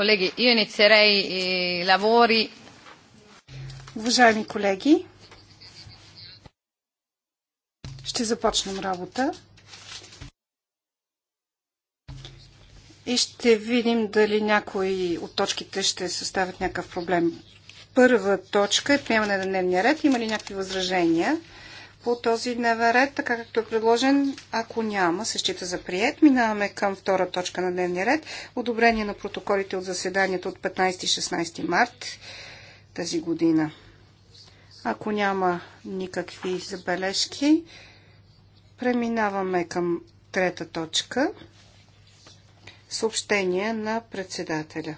Колеги, io inizierei i lavori. Уважаеми колеги, ще започнем работа. И ще видим дали някои от точките ще съставят някакъв проблем. Първа точка е приемане на дневния ред. Има ли някакви възражения? по този дневен ред, така както е предложен. Ако няма, се счита за прият. Минаваме към втора точка на дневния ред. Одобрение на протоколите от заседанието от 15 и 16 март тази година. Ако няма никакви забележки, преминаваме към трета точка. Съобщение на председателя.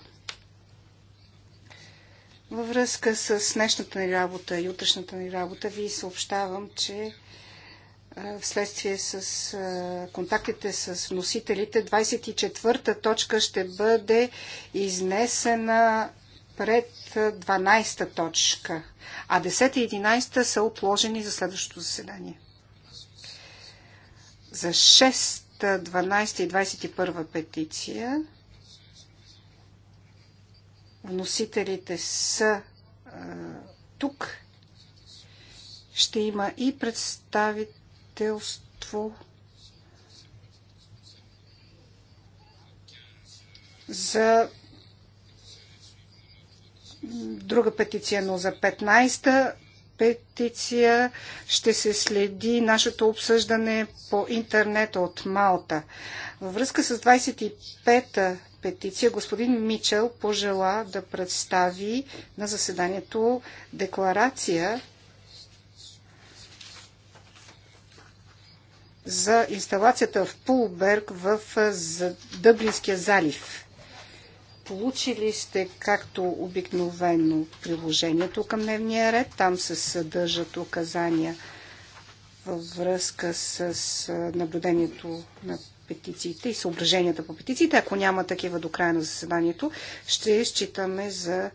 Във връзка с днешната ни работа и утрешната ни работа ви съобщавам, че вследствие с контактите с носителите, 24-та точка ще бъде изнесена пред 12-та точка, а 10-та и 11-та са отложени за следващото заседание. За 6-та, 12-та и 21-та петиция вносителите са а, тук. Ще има и представителство за друга петиция, но за 15-та петиция ще се следи нашето обсъждане по интернет от Малта. Във връзка с 25-та петиция, господин Мичел пожела да представи на заседанието декларация за инсталацията в Пулберг в е, Дъблинския залив. Получили сте, както обикновено, приложението към дневния ред. Там се съдържат указания във връзка с е, наблюдението на петициите и съображенията по петициите. Ако няма такива до края на заседанието, ще считаме за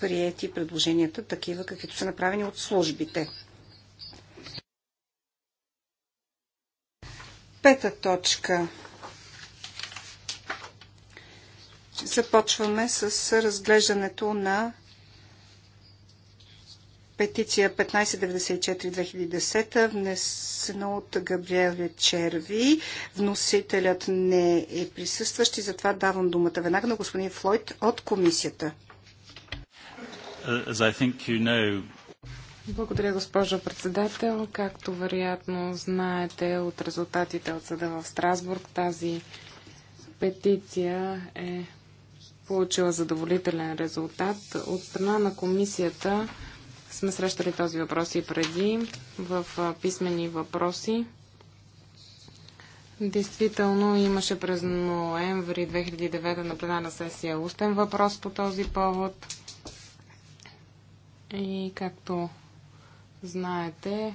приети предложенията, такива каквито са направени от службите. Пета точка. Започваме с разглеждането на петиция 1594-2010, внесена от Габриел Черви. Вносителят не е присъстващ и затова давам думата веднага на господин Флойд от комисията. Благодаря, госпожо председател. Както вероятно знаете от резултатите от съда в Страсбург, тази петиция е получила задоволителен резултат. От страна на комисията сме срещали този въпрос и преди в писмени въпроси. Действително имаше през ноември 2009 на пленарна сесия устен въпрос по този повод. И както знаете,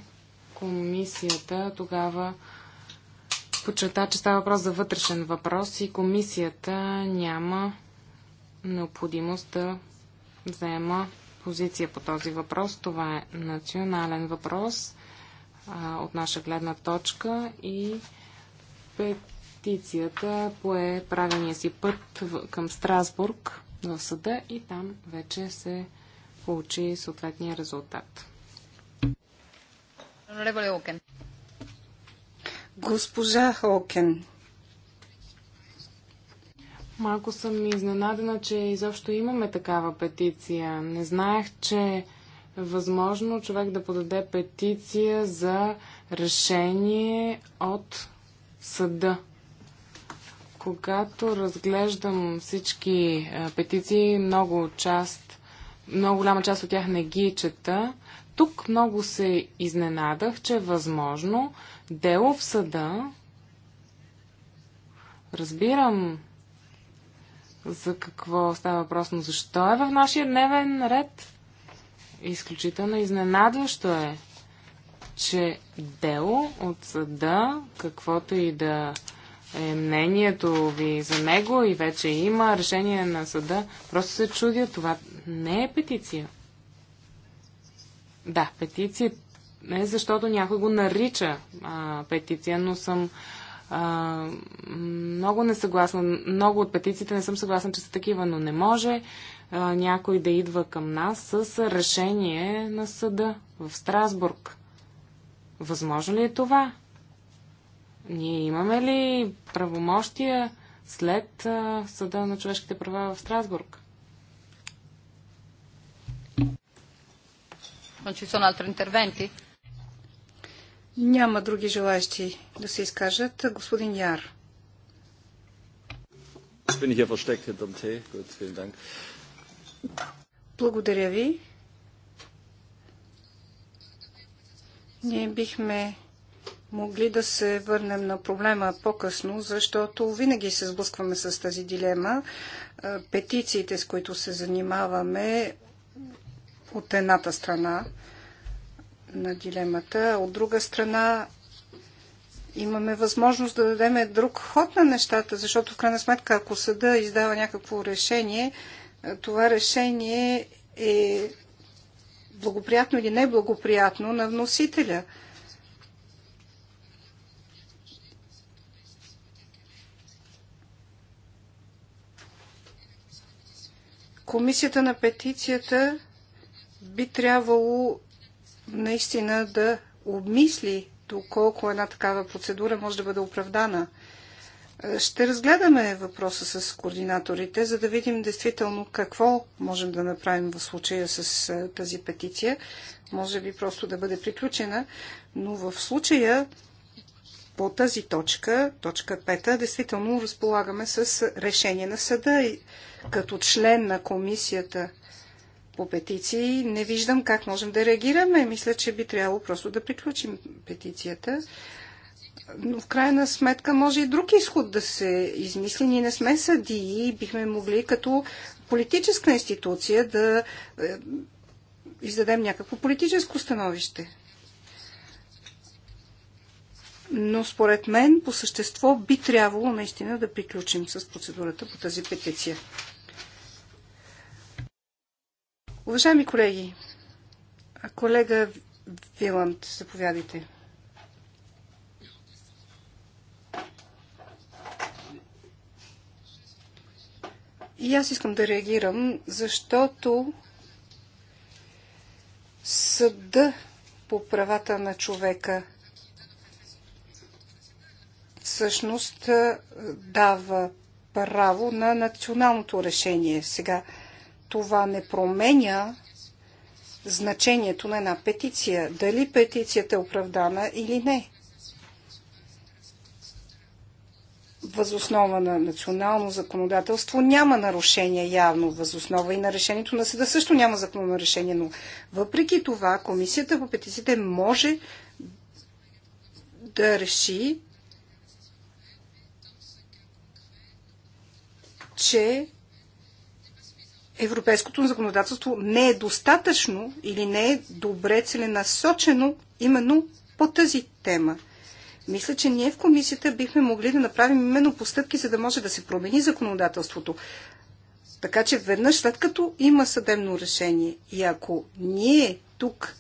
комисията тогава почета, че става въпрос за вътрешен въпрос и комисията няма необходимост да взема позиция по този въпрос. Това е национален въпрос а, от наша гледна точка и петицията пое правилния си път в, към Страсбург в съда и там вече се получи съответния резултат. Госпожа Хокен. Малко съм изненадена, че изобщо имаме такава петиция. Не знаех, че е възможно човек да подаде петиция за решение от съда. Когато разглеждам всички е, петиции, много част, много голяма част от тях не ги чета. Тук много се изненадах, че е възможно дело в съда. Разбирам за какво става въпрос, но защо е в нашия дневен ред? Изключително изненадващо е, че дело от съда, каквото и да е мнението ви за него и вече има решение на съда, просто се чудя, това не е петиция. Да, петиция не защото някой го нарича а, петиция, но съм а, много съгласна, Много от петициите не съм съгласна, че са такива, но не може а, някой да идва към нас с решение на съда в Страсбург. Възможно ли е това? Ние имаме ли правомощия след а, съда на човешките права в Страсбург? Non ci sono altri interventi? Няма други желаящи да се изкажат. Господин Яр. Благодаря ви. Ние бихме могли да се върнем на проблема по-късно, защото винаги се сблъскваме с тази дилема. Петициите, с които се занимаваме, от едната страна на дилемата. От друга страна, имаме възможност да дадем друг ход на нещата, защото в крайна сметка, ако съда издава някакво решение, е, това решение е благоприятно или неблагоприятно на вносителя. Комисията на петицията би трябвало наистина да обмисли доколко една такава процедура може да бъде оправдана. Е, ще разгледаме въпроса с координаторите, за да видим действително какво можем да направим в случая с е, тази петиция. Може би просто да бъде приключена, но в случая по тази точка, точка 5, действително разполагаме с решение на съда и като член на комисията по петиции. Не виждам как можем да реагираме. Мисля, че би трябвало просто да приключим петицията. Но в крайна сметка може и друг изход да се измисли. Ние не сме съдии и бихме могли като политическа институция да е, издадем някакво политическо становище. Но според мен по същество би трябвало наистина да приключим с процедурата по тази петиция. Уважаеми колеги, колега Виланд, заповядайте. И аз искам да реагирам, защото съда по правата на човека всъщност дава право на националното решение. Сега това не променя значението на една петиция. Дали петицията е оправдана или не. Възоснова на национално законодателство няма нарушение явно. Възоснова и на решението на съда също няма законно решение. но въпреки това комисията по петициите може да реши, че европейското законодателство не е достатъчно или не е добре целенасочено именно по тази тема. Мисля, че ние в комисията бихме могли да направим именно постъпки, за да може да се промени законодателството. Така че веднъж след като има съдебно решение и ако ние тук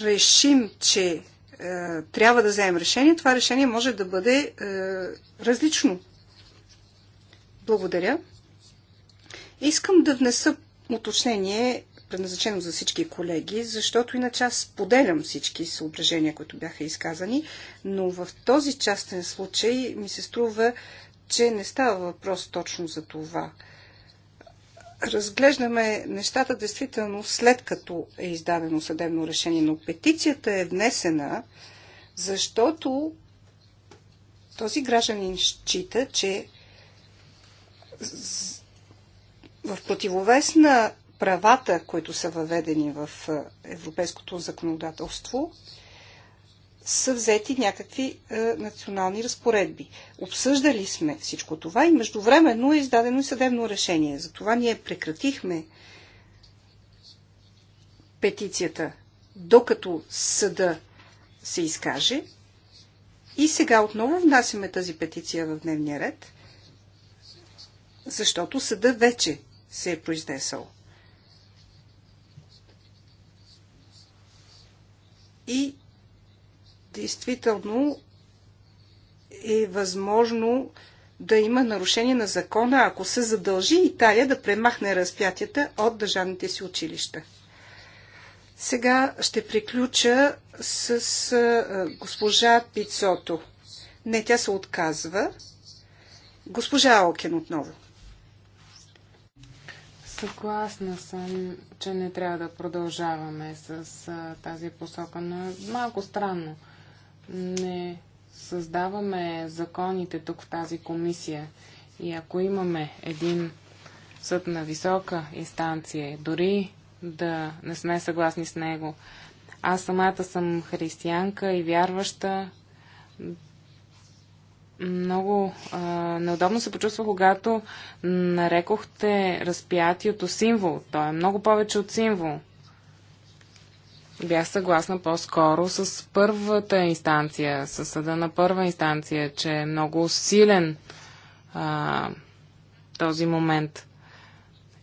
решим, че е, трябва да вземем решение, това решение може да бъде е, различно. Благодаря. Искам да внеса уточнение, предназначено за всички колеги, защото иначе аз поделям всички съображения, които бяха изказани, но в този частен случай ми се струва, че не става въпрос точно за това разглеждаме нещата действително след като е издадено съдебно решение, но петицията е внесена, защото този гражданин счита, че в противовес на правата, които са въведени в е, европейското законодателство, са взети някакви е, национални разпоредби. Обсъждали сме всичко това и междувременно е издадено и съдебно решение. Затова ние прекратихме петицията, докато съда се изкаже. И сега отново внасяме тази петиция в дневния ред, защото съда вече се е произнесъл. И действително е възможно да има нарушение на закона, ако се задължи Италия да премахне разпятията от държавните си училища. Сега ще приключа с госпожа Пицото. Не, тя се отказва. Госпожа Алкен отново. Съгласна съм, че не трябва да продължаваме с тази посока, но е малко странно не създаваме законите тук в тази комисия и ако имаме един съд на висока инстанция, дори да не сме съгласни с него, аз самата съм християнка и вярваща, много а, неудобно се почувства, когато нарекохте разпятието символ. Той е много повече от символ бях съгласна по-скоро с първата инстанция, с съда на първа инстанция, че е много силен а, този момент.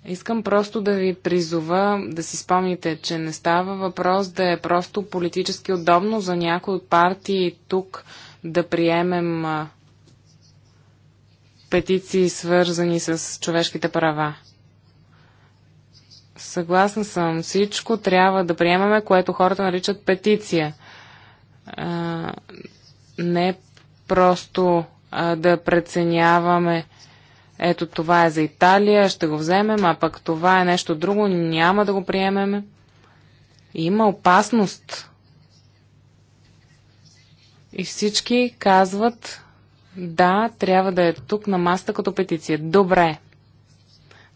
Искам просто да ви призова да си спомните, че не става въпрос да е просто политически удобно за някои от партии тук да приемем а, петиции, свързани с човешките права. Съгласна съм. Всичко трябва да приемаме, което хората наричат петиция. А, не просто а, да преценяваме ето това е за Италия, ще го вземем, а пък това е нещо друго, няма да го приемем. Има опасност. И всички казват, да, трябва да е тук на маста като петиция. Добре,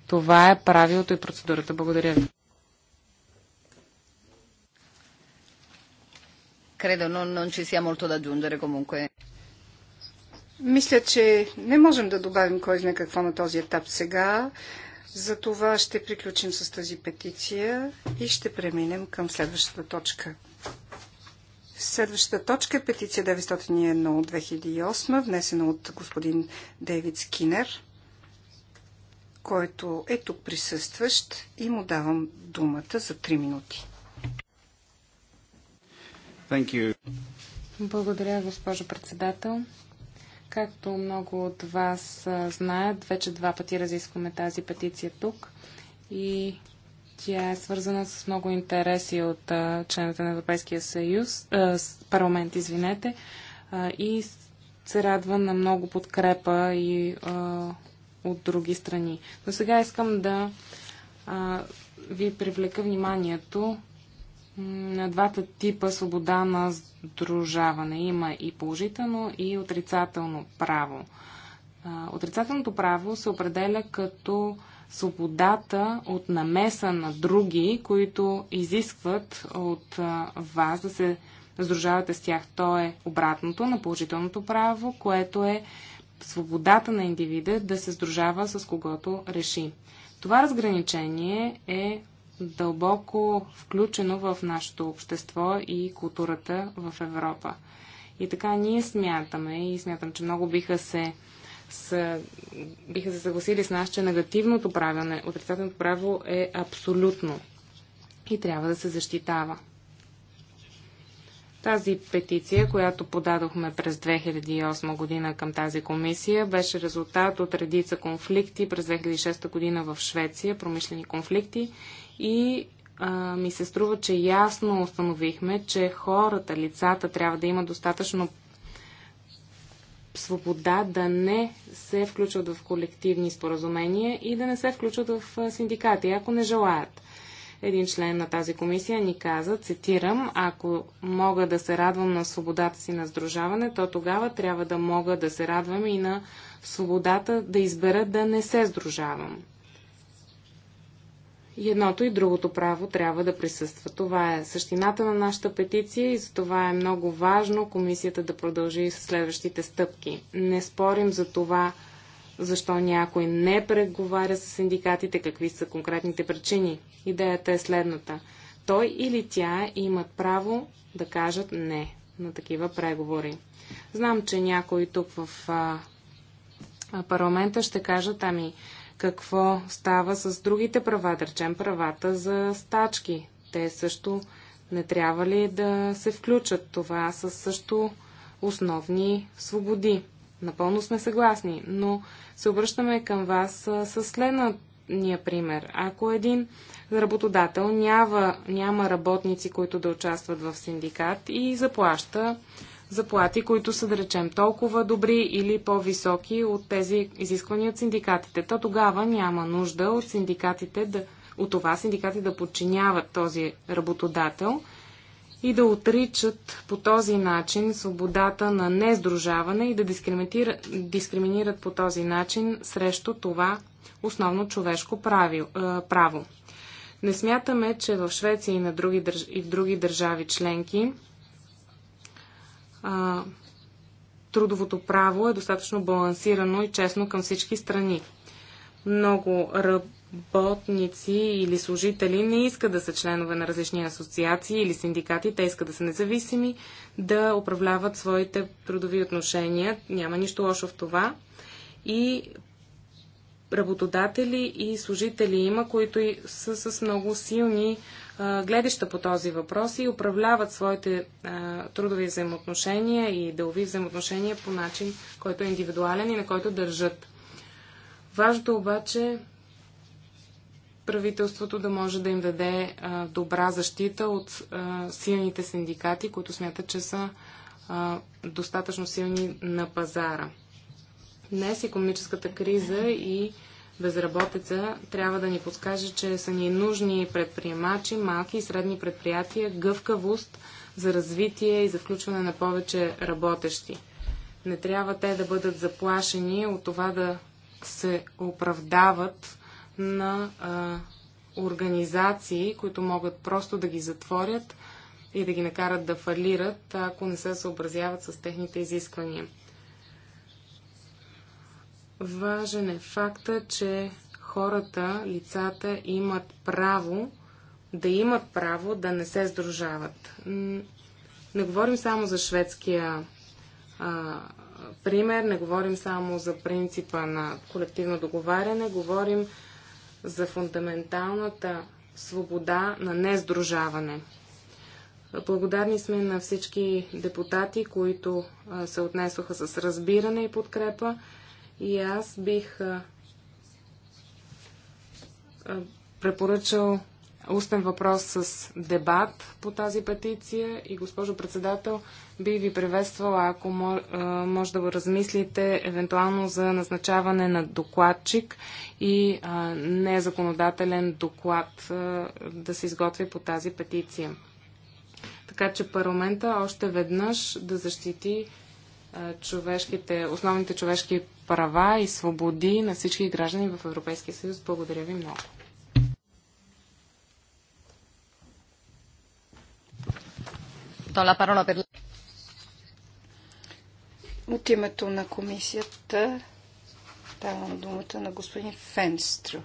това е правилото и процедурата. Благодаря ви. Credo non, non ci sia molto da aggiungere comunque. Мисля, че не можем да добавим кой знае какво на този етап сега. За това ще приключим с тази петиция и ще преминем към следващата точка. Следващата точка е петиция 901 от 2008, внесена от господин Дейвид Скинер който е тук присъстващ и му давам думата за 3 минути. Thank you. Благодаря, госпожо председател. Както много от вас знаят, вече два пъти разискваме тази петиция тук и тя е свързана с много интереси от членовете на Европейския съюз, е, парламент, извинете, е, и се радва на много подкрепа и е, от други страни. Но сега искам да а, ви привлека вниманието на двата типа свобода на сдружаване. Има и положително, и отрицателно право. А, отрицателното право се определя като свободата от намеса на други, които изискват от а, вас да се сдружавате с тях. То е обратното на положителното право, което е свободата на индивида да се сдружава с когото реши. Това разграничение е дълбоко включено в нашето общество и културата в Европа. И така ние смятаме и смятам, че много биха се с, биха се съгласили с нас, че негативното правило, отрицателното право е абсолютно и трябва да се защитава. Тази петиция, която подадохме през 2008 година към тази комисия, беше резултат от редица конфликти през 2006 година в Швеция, промишлени конфликти и а, ми се струва, че ясно установихме, че хората, лицата трябва да имат достатъчно свобода да не се включват в колективни споразумения и да не се включват в синдикати, ако не желаят един член на тази комисия ни каза, цитирам, ако мога да се радвам на свободата си на сдружаване, то тогава трябва да мога да се радвам и на свободата да избера да не се сдружавам. И едното и другото право трябва да присъства. Това е същината на нашата петиция и за това е много важно комисията да продължи с следващите стъпки. Не спорим за това, защо някой не преговаря с синдикатите, какви са конкретните причини. Идеята е следната. Той или тя имат право да кажат не на такива преговори. Знам, че някои тук в а, парламента ще кажат, ами какво става с другите права, да речем правата за стачки. Те също не трябва ли да се включат това с също основни свободи. Напълно сме съгласни, но се обръщаме към вас с следния пример. Ако един работодател няма, няма работници, които да участват в синдикат и заплаща заплати, които са, да речем, толкова добри или по-високи от тези изисквания от синдикатите, то тогава няма нужда от синдикатите да, от това синдикати да подчиняват този работодател – и да отричат по този начин свободата на нездружаване и да дискриминират, дискриминират по този начин срещу това основно човешко право. Не смятаме, че в Швеция и, на други, и в други държави членки а, трудовото право е достатъчно балансирано и честно към всички страни. Много работници или служители не искат да са членове на различни асоциации или синдикати, те искат да са независими, да управляват своите трудови отношения. Няма нищо лошо в това. И работодатели и служители има, които са с много силни гледаща по този въпрос и управляват своите а, трудови взаимоотношения и делови взаимоотношения по начин, който е индивидуален и на който държат. Важното обаче правителството да може да им даде а, добра защита от а, силните синдикати, които смятат, че са а, достатъчно силни на пазара. Днес економическата криза и безработица трябва да ни подскаже, че са ни нужни предприемачи, малки и средни предприятия, гъвкавост за развитие и за включване на повече работещи. Не трябва те да бъдат заплашени от това да се оправдават на а, организации, които могат просто да ги затворят и да ги накарат да фалират, ако не се съобразяват с техните изисквания. Важен е факта, че хората, лицата имат право да имат право да не се сдружават. Не говорим само за шведския а, пример, не говорим само за принципа на колективно договаряне, говорим за фундаменталната свобода на нездружаване. Благодарни сме на всички депутати, които се отнесоха с разбиране и подкрепа. И аз бих препоръчал устен въпрос с дебат по тази петиция и госпожо председател, би ви приветствала, ако може да го размислите евентуално за назначаване на докладчик и незаконодателен доклад да се изготви по тази петиция. Така че парламента още веднъж да защити човешките, основните човешки права и свободи на всички граждани в Европейския съюз. Благодаря ви много. la parola per... От името на комисията давам думата на господин Фенстро.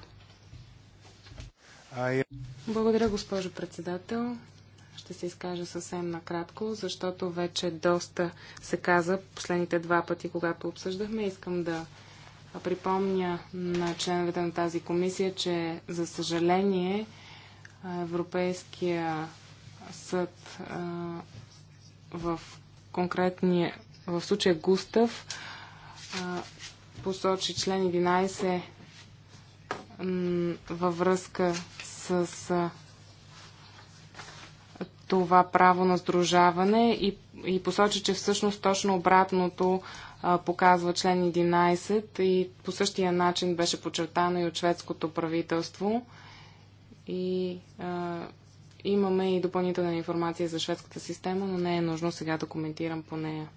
Благодаря, госпожо председател. Ще се изкажа съвсем накратко, защото вече доста се каза последните два пъти, когато обсъждахме. Искам да припомня на членовете на тази комисия, че за съжаление Европейския съд в конкретния, в случая Густав, посочи член 11 във връзка с а, това право на сдружаване и, и посочи, че всъщност точно обратното а, показва член 11 и по същия начин беше подчертано и от шведското правителство и а, Имаме и допълнителна информация за шведската система, но не е нужно сега да коментирам по нея.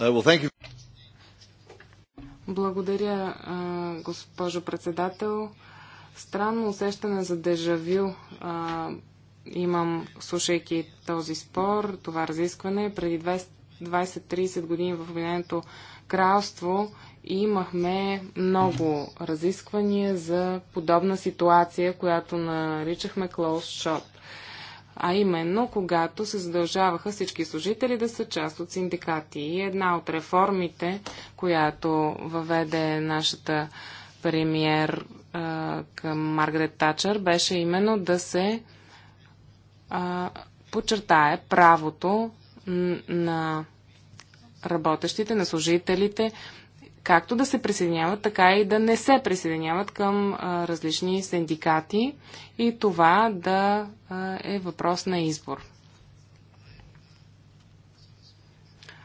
Uh, Благодаря, uh, госпожо председател. Странно усещане за дежавю а, uh, имам, слушайки този спор, това разискване. Преди 20-30 години в Обединеното кралство и имахме много разисквания за подобна ситуация, която наричахме close shop. А именно, когато се задължаваха всички служители да са част от синдикати. И една от реформите, която въведе нашата премьер към Маргарет Тачър, беше именно да се подчертае правото на работещите, на служителите както да се присъединяват, така и да не се присъединяват към а, различни синдикати и това да а, е въпрос на избор.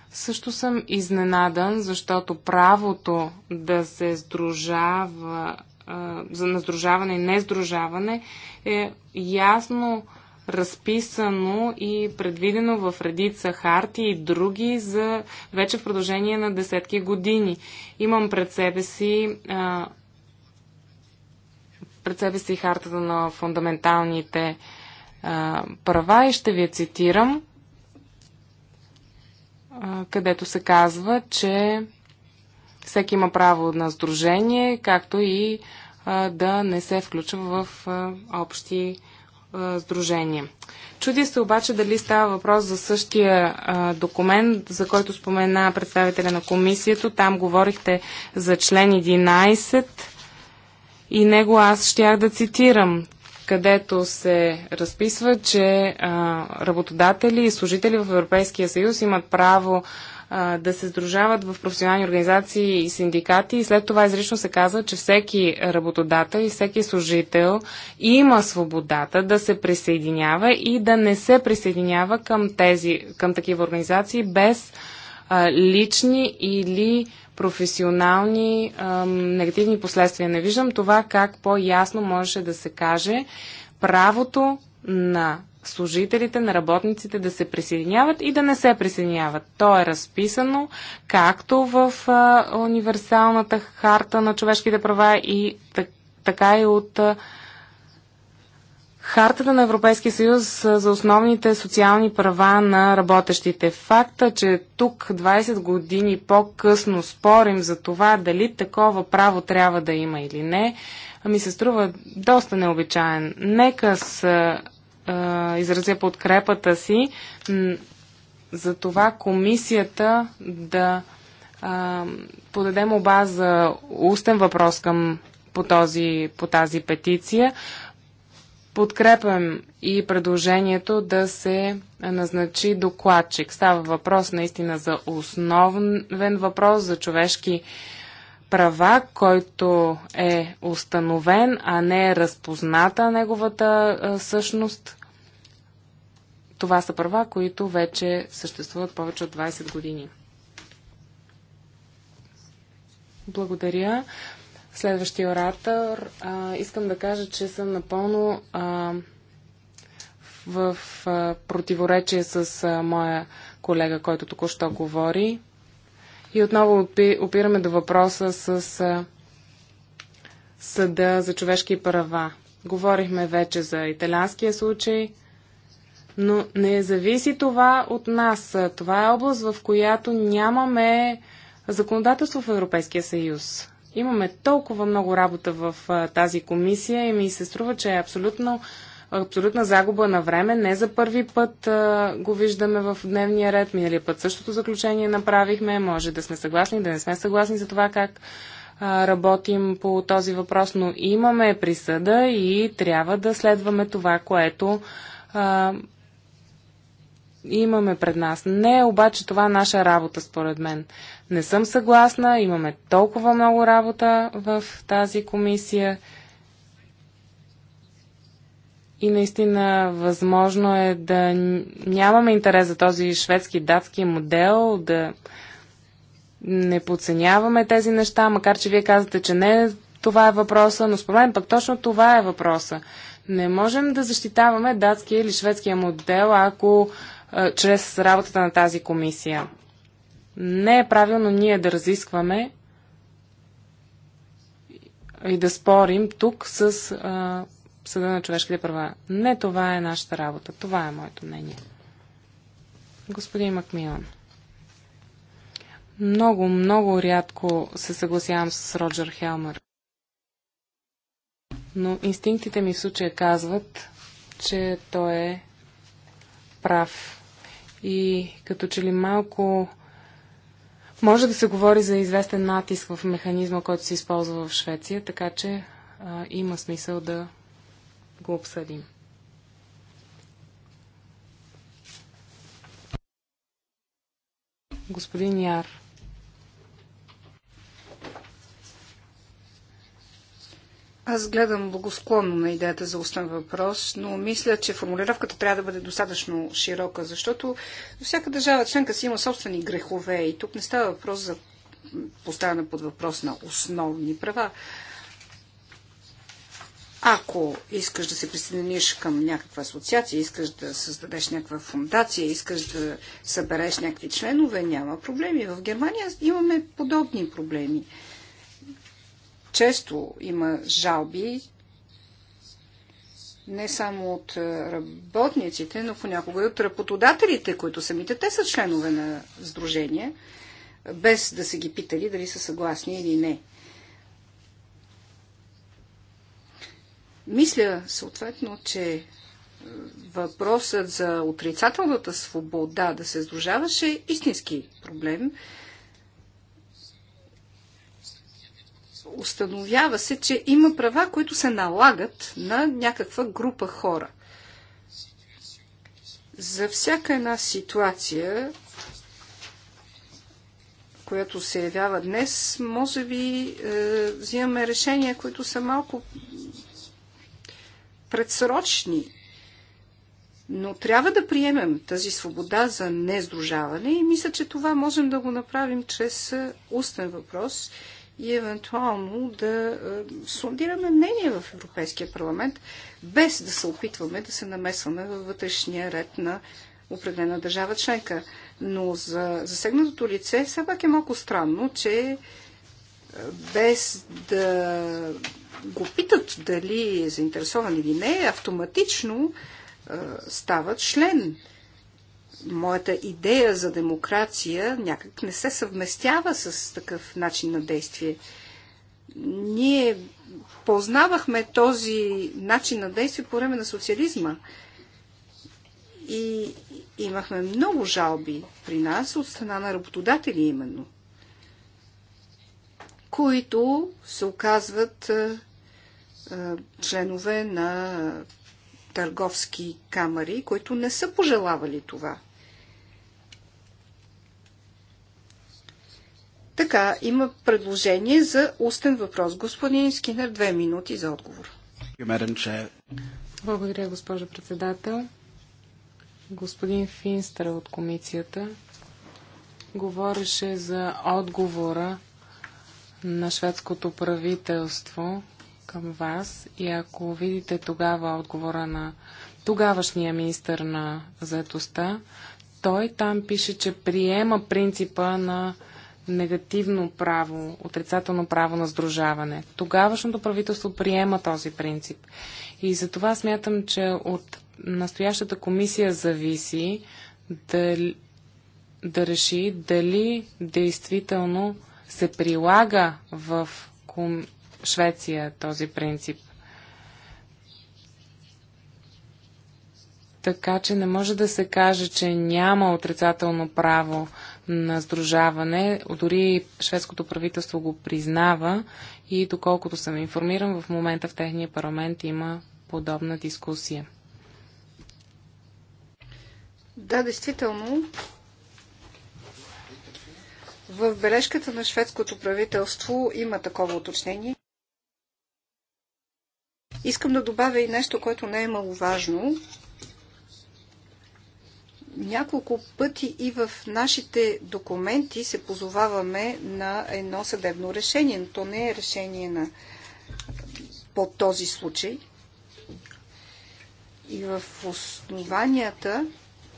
Също съм изненадан, защото правото да се сдружава, а, за наздружаване и не сдружаване е ясно разписано и предвидено в редица харти и други за вече в продължение на десетки години. Имам пред себе си а, пред себе си хартата на фундаменталните а, права и ще ви я цитирам, а, където се казва, че всеки има право на сдружение, както и да не се включва в общи а, сдружение. Чуди се обаче дали става въпрос за същия а, документ, за който спомена представителя на комисията. Там говорихте за член 11 и него аз щях да цитирам, където се разписва, че а, работодатели и служители в Европейския съюз имат право да се сдружават в професионални организации и синдикати и след това изрично се казва, че всеки работодател и всеки служител има свободата да се присъединява и да не се присъединява към, тези, към такива организации без а, лични или професионални ам, негативни последствия. Не виждам това как по-ясно можеше да се каже правото на служителите, на работниците да се присъединяват и да не се присъединяват. То е разписано както в а, универсалната харта на човешките права и так, така и от а, Хартата на Европейския съюз за основните социални права на работещите. Факта, че тук 20 години по-късно спорим за това дали такова право трябва да има или не, ми се струва доста необичаен. Нека с изразя подкрепата си за това комисията да подадем подаде оба за устен въпрос към по, този, по тази петиция. Подкрепям и предложението да се назначи докладчик. Става въпрос наистина за основен въпрос за човешки права, който е установен, а не е разпозната неговата същност това са права, които вече съществуват повече от 20 години. Благодаря. Следващия оратор. А, искам да кажа, че съм напълно а, в а, противоречие с а, моя колега, който току-що говори. И отново опираме до въпроса с а, Съда за човешки права. Говорихме вече за италянския случай но не зависи това от нас. Това е област, в която нямаме законодателство в Европейския съюз. Имаме толкова много работа в тази комисия и ми се струва, че е абсолютно абсолютна загуба на време. Не за първи път а, го виждаме в дневния ред. Миналия път същото заключение направихме. Може да сме съгласни, да не сме съгласни за това как а, работим по този въпрос, но имаме присъда и трябва да следваме това, което а, имаме пред нас. Не е обаче това наша работа, според мен. Не съм съгласна, имаме толкова много работа в тази комисия. И наистина възможно е да нямаме интерес за този шведски датски модел, да не подценяваме тези неща, макар че вие казвате, че не е това е въпроса, но според мен пък точно това е въпроса. Не можем да защитаваме датския или шведския модел, ако чрез работата на тази комисия. Не е правилно ние да разискваме и да спорим тук с а, Съда на човешките права. Не това е нашата работа. Това е моето мнение. Господин Макмилан. Много, много рядко се съгласявам с Роджер Хелмър. Но инстинктите ми в случая казват, че той е прав и като че ли малко може да се говори за известен натиск в механизма, който се използва в Швеция, така че а, има смисъл да го обсъдим. Господин Яр. Аз гледам благосклонно на идеята за устен въпрос, но мисля, че формулировката трябва да бъде достатъчно широка, защото всяка държава членка си има собствени грехове и тук не става въпрос за поставяне под въпрос на основни права. Ако искаш да се присъединиш към някаква асоциация, искаш да създадеш някаква фундация, искаш да събереш някакви членове, няма проблеми. В Германия имаме подобни проблеми често има жалби не само от е, работниците, но понякога и от работодателите, които самите те са членове на сдружение, без да са ги питали дали са съгласни или не. Мисля съответно, че е, въпросът за отрицателната свобода да се сдружаваше е истински проблем установява се, че има права, които се налагат на някаква група хора. За всяка една ситуация, която се явява днес, може би е, взимаме решения, които са малко предсрочни. Но трябва да приемем тази свобода за нездружаване и мисля, че това можем да го направим чрез устен въпрос и евентуално да е, сундираме мнение в Европейския парламент, без да се опитваме да се намесваме във вътрешния ред на определена държава членка. Но за засегнатото лице все пак е малко странно, че е, без да го питат дали е заинтересован или не, автоматично е, стават член моята идея за демокрация някак не се съвместява с такъв начин на действие. Ние познавахме този начин на действие по време на социализма и имахме много жалби при нас от страна на работодатели именно, които се оказват членове на търговски камери, които не са пожелавали това. Така, има предложение за устен въпрос. Господин Скинер, две минути за отговор. Благодаря, госпожо председател. Господин Финстър от комисията говореше за отговора на шведското правителство към вас и ако видите тогава отговора на тогавашния министър на заедостта, той там пише, че приема принципа на негативно право, отрицателно право на сдружаване. Тогавашното правителство приема този принцип. И за това смятам, че от настоящата комисия зависи да, да реши дали действително се прилага в Швеция този принцип. Така че не може да се каже, че няма отрицателно право на сдружаване. Дори шведското правителство го признава и доколкото съм информиран, в момента в техния парламент има подобна дискусия. Да, действително. В бележката на шведското правителство има такова уточнение. Искам да добавя и нещо, което не е маловажно няколко пъти и в нашите документи се позоваваме на едно съдебно решение, но то не е решение на, по този случай. И в основанията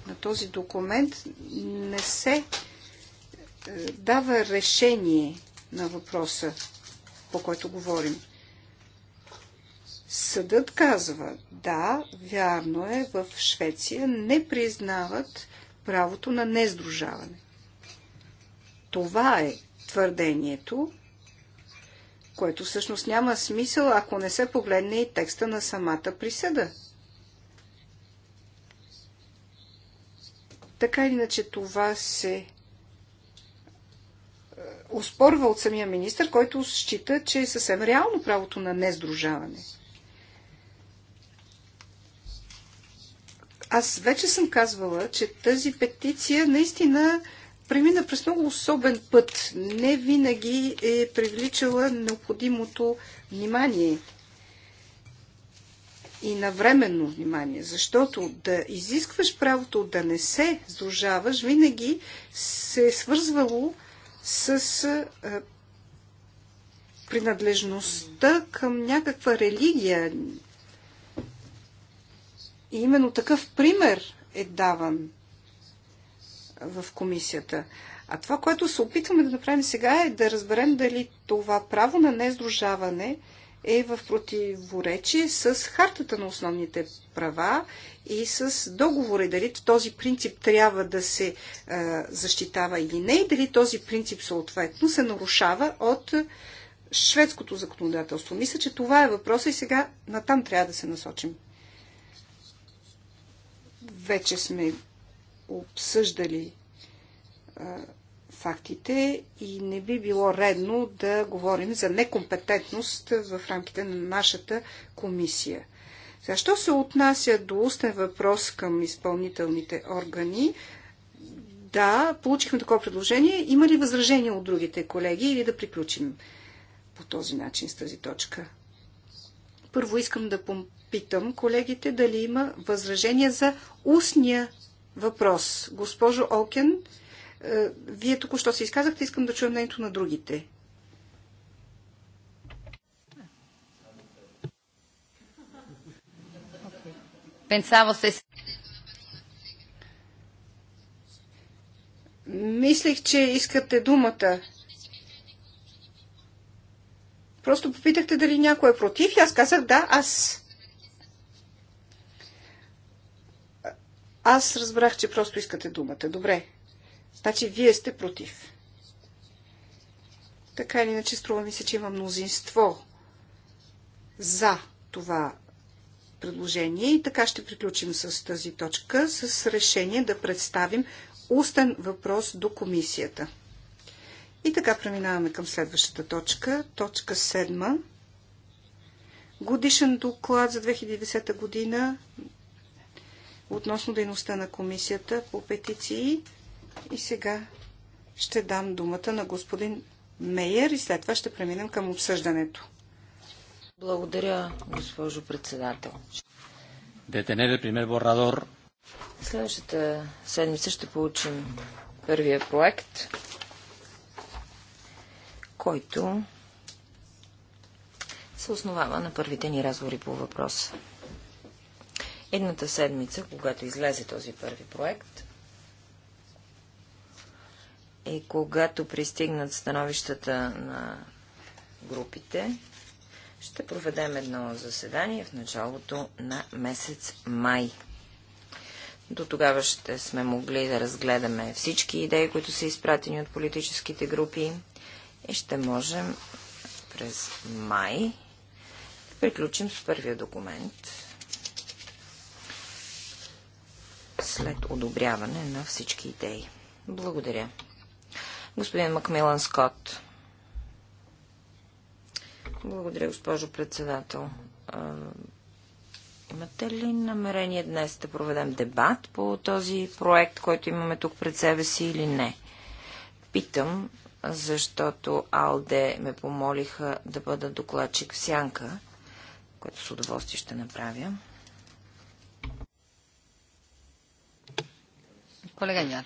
на този документ не се е, дава решение на въпроса, по който говорим. Съдът казва, да, вярно е, в Швеция не признават правото на нездружаване. Това е твърдението, което всъщност няма смисъл, ако не се погледне и текста на самата присъда. Така или иначе това се е, оспорва от самия министр, който счита, че е съвсем реално правото на нездружаване – Аз вече съм казвала, че тази петиция наистина премина през много особен път. Не винаги е привличала необходимото внимание и навременно внимание, защото да изискваш правото да не се сдружаваш, винаги се е свързвало с а, принадлежността към някаква религия, и именно такъв пример е даван в комисията. А това, което се опитваме да направим сега е да разберем дали това право на нездружаване е в противоречие с хартата на основните права и с договори. Дали този принцип трябва да се е, защитава или не, и дали този принцип съответно се нарушава от шведското законодателство. Мисля, че това е въпроса и сега натам трябва да се насочим. Вече сме обсъждали а, фактите и не би било редно да говорим за некомпетентност в рамките на нашата комисия. Защо се отнася до устен въпрос към изпълнителните органи? Да, получихме такова предложение. Има ли възражение от другите колеги или да приключим по този начин с тази точка? Първо искам да питам колегите дали има възражение за устния въпрос. Госпожо Окен, е, вие току-що се изказахте, искам да чуем мнението на другите. Pensavo се. Мислих, че искате думата. Просто попитахте дали някой е против и аз казах да, аз. Аз разбрах, че просто искате думата. Добре. Значи вие сте против. Така или иначе, струва ми се, че има мнозинство за това предложение и така ще приключим с тази точка с решение да представим устен въпрос до комисията. И така преминаваме към следващата точка, точка 7. Годишен доклад за 2010 година относно дейността на комисията по петиции. И сега ще дам думата на господин Мейер и след това ще преминем към обсъждането. Благодаря, госпожо председател. Детенер е пример борадор. Следващата седмица ще получим първия проект, който се основава на първите ни разговори по въпроса. Едната седмица, когато излезе този първи проект, и когато пристигнат становищата на групите, ще проведем едно заседание в началото на месец май. До тогава ще сме могли да разгледаме всички идеи, които са изпратени от политическите групи и ще можем през май да приключим с първия документ след одобряване на всички идеи. Благодаря. Господин Макмилан Скотт. Благодаря, госпожо председател. Имате ли намерение днес да проведем дебат по този проект, който имаме тук пред себе си или не? Питам, защото АЛДЕ ме помолиха да бъда докладчик в сянка, което с удоволствие ще направя. Äh,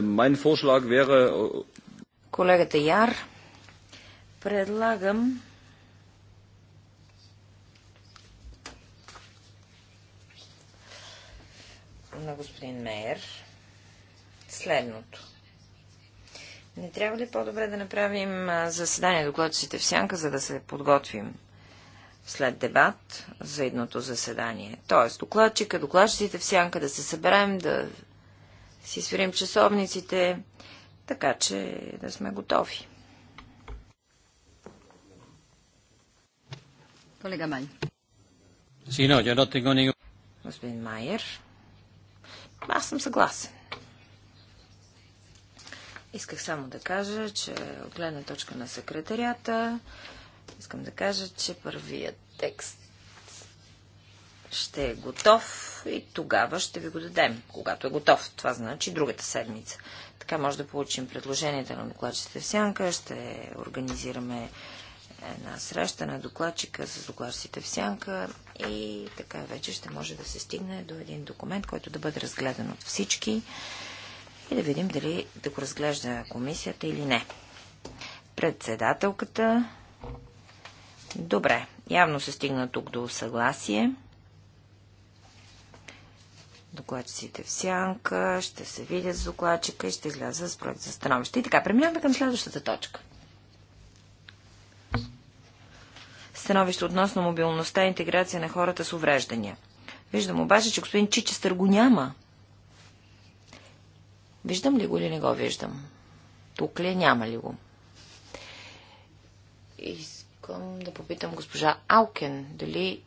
wäre... Äh, Колегата Яр, предлагам на господин Мейер следното. Не трябва ли по-добре да направим заседание докладците в сянка, за да се подготвим? след дебат за едното заседание. Тоест, докладчика, докладчиците в сянка да се съберем, да си свирим часовниците, така че да сме готови. Колега Май. Господин Майер. Аз съм съгласен. Исках само да кажа, че от гледна точка на секретарията Искам да кажа, че първият текст ще е готов и тогава ще ви го дадем, когато е готов. Това значи другата седмица. Така може да получим предложенията на докладчите в Сянка, ще организираме една среща на докладчика с докладчите в сянка и така вече ще може да се стигне до един документ, който да бъде разгледан от всички и да видим дали да го разглежда комисията или не. Председателката Добре, явно се стигна тук до съгласие. Докладчиците в сянка, ще се видят с докладчика и ще изляза с проект за становище. И така, преминаваме към следващата точка. Становище относно мобилността и интеграция на хората с увреждания. Виждам обаче, че господин Чичестър го няма. Виждам ли го или не го виждам? Тук ли е, няма ли го? И Искам да попитам госпожа Алкен дали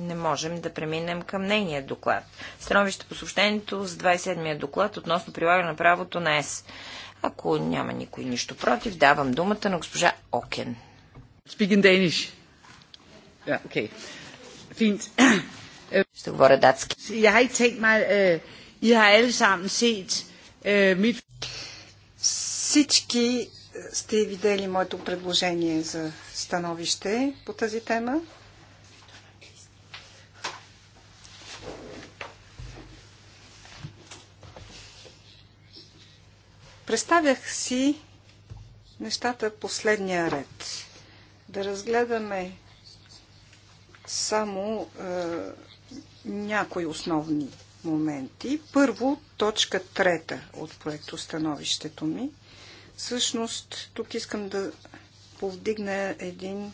не можем да преминем към нейния доклад. Становище по съобщението с 27-я доклад относно прилагане на правото на ЕС. Ако няма никой нищо против, давам думата на госпожа Окен. Speaking Danish. yeah, okay. Fint. Ще говоря датски. Jeg har ikke tænkt mig, øh, I har alle sammen set øh, mit... Всички сте видели моето предложение за становище по тази тема. Представях си нещата последния ред. Да разгледаме само е, някои основни моменти. Първо, точка трета от Становището ми – Всъщност, тук искам да повдигна един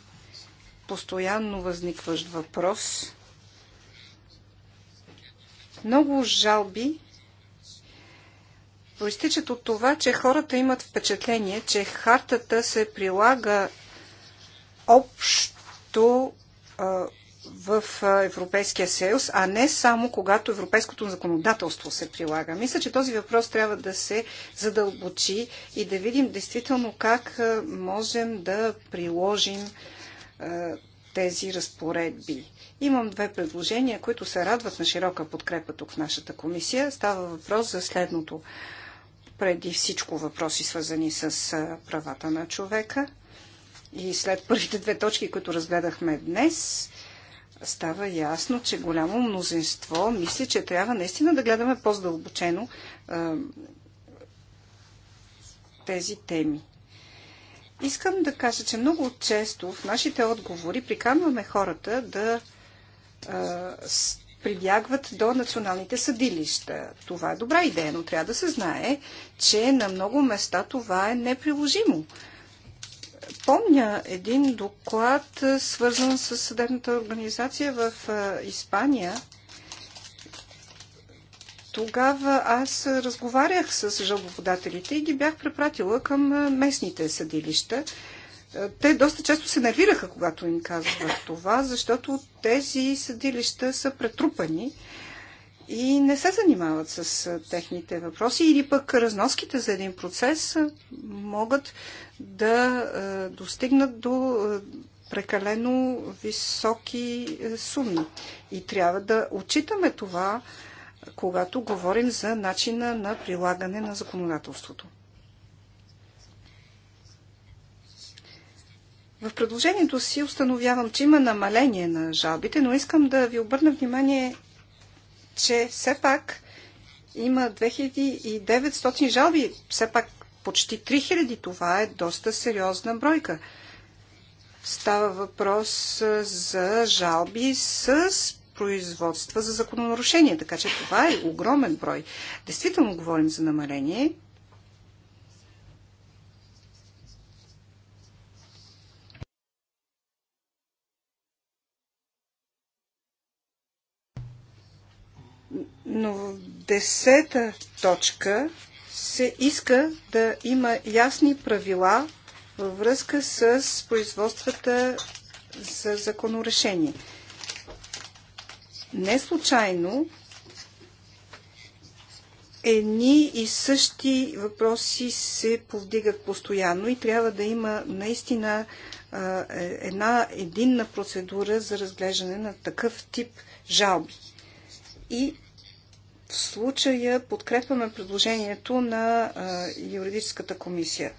постоянно възникващ въпрос. Много жалби проистичат от това, че хората имат впечатление, че хартата се прилага общо в Европейския съюз, а не само когато европейското законодателство се прилага. Мисля, че този въпрос трябва да се задълбочи и да видим действително как можем да приложим тези разпоредби. Имам две предложения, които се радват на широка подкрепа тук в нашата комисия. Става въпрос за следното. Преди всичко въпроси, свързани с правата на човека. И след първите две точки, които разгледахме днес, става ясно, че голямо мнозинство мисли, че трябва наистина да гледаме по-задълбочено тези теми. Искам да кажа, че много често в нашите отговори приканваме хората да а, прибягват до националните съдилища. Това е добра идея, но трябва да се знае, че на много места това е неприложимо. Помня един доклад, е, свързан с съдебната организация в е, Испания. Тогава аз разговарях с жалбоподателите и ги бях препратила към е, местните съдилища. Те доста често се нервираха, когато им казвах това, защото тези съдилища са претрупани и не се занимават с техните въпроси или пък разноските за един процес могат да достигнат до прекалено високи суми. И трябва да отчитаме това, когато говорим за начина на прилагане на законодателството. В предложението си установявам, че има намаление на жалбите, но искам да ви обърна внимание че все пак има 2900 жалби. Все пак почти 3000. Това е доста сериозна бройка. Става въпрос за жалби с производства за закононарушение, така че това е огромен брой. Действително говорим за намаление Но в десета точка се иска да има ясни правила във връзка с производствата за законорешение. Не случайно едни и същи въпроси се повдигат постоянно и трябва да има наистина е, една единна процедура за разглеждане на такъв тип жалби. И в случая подкрепяме предложението на юридическата комисия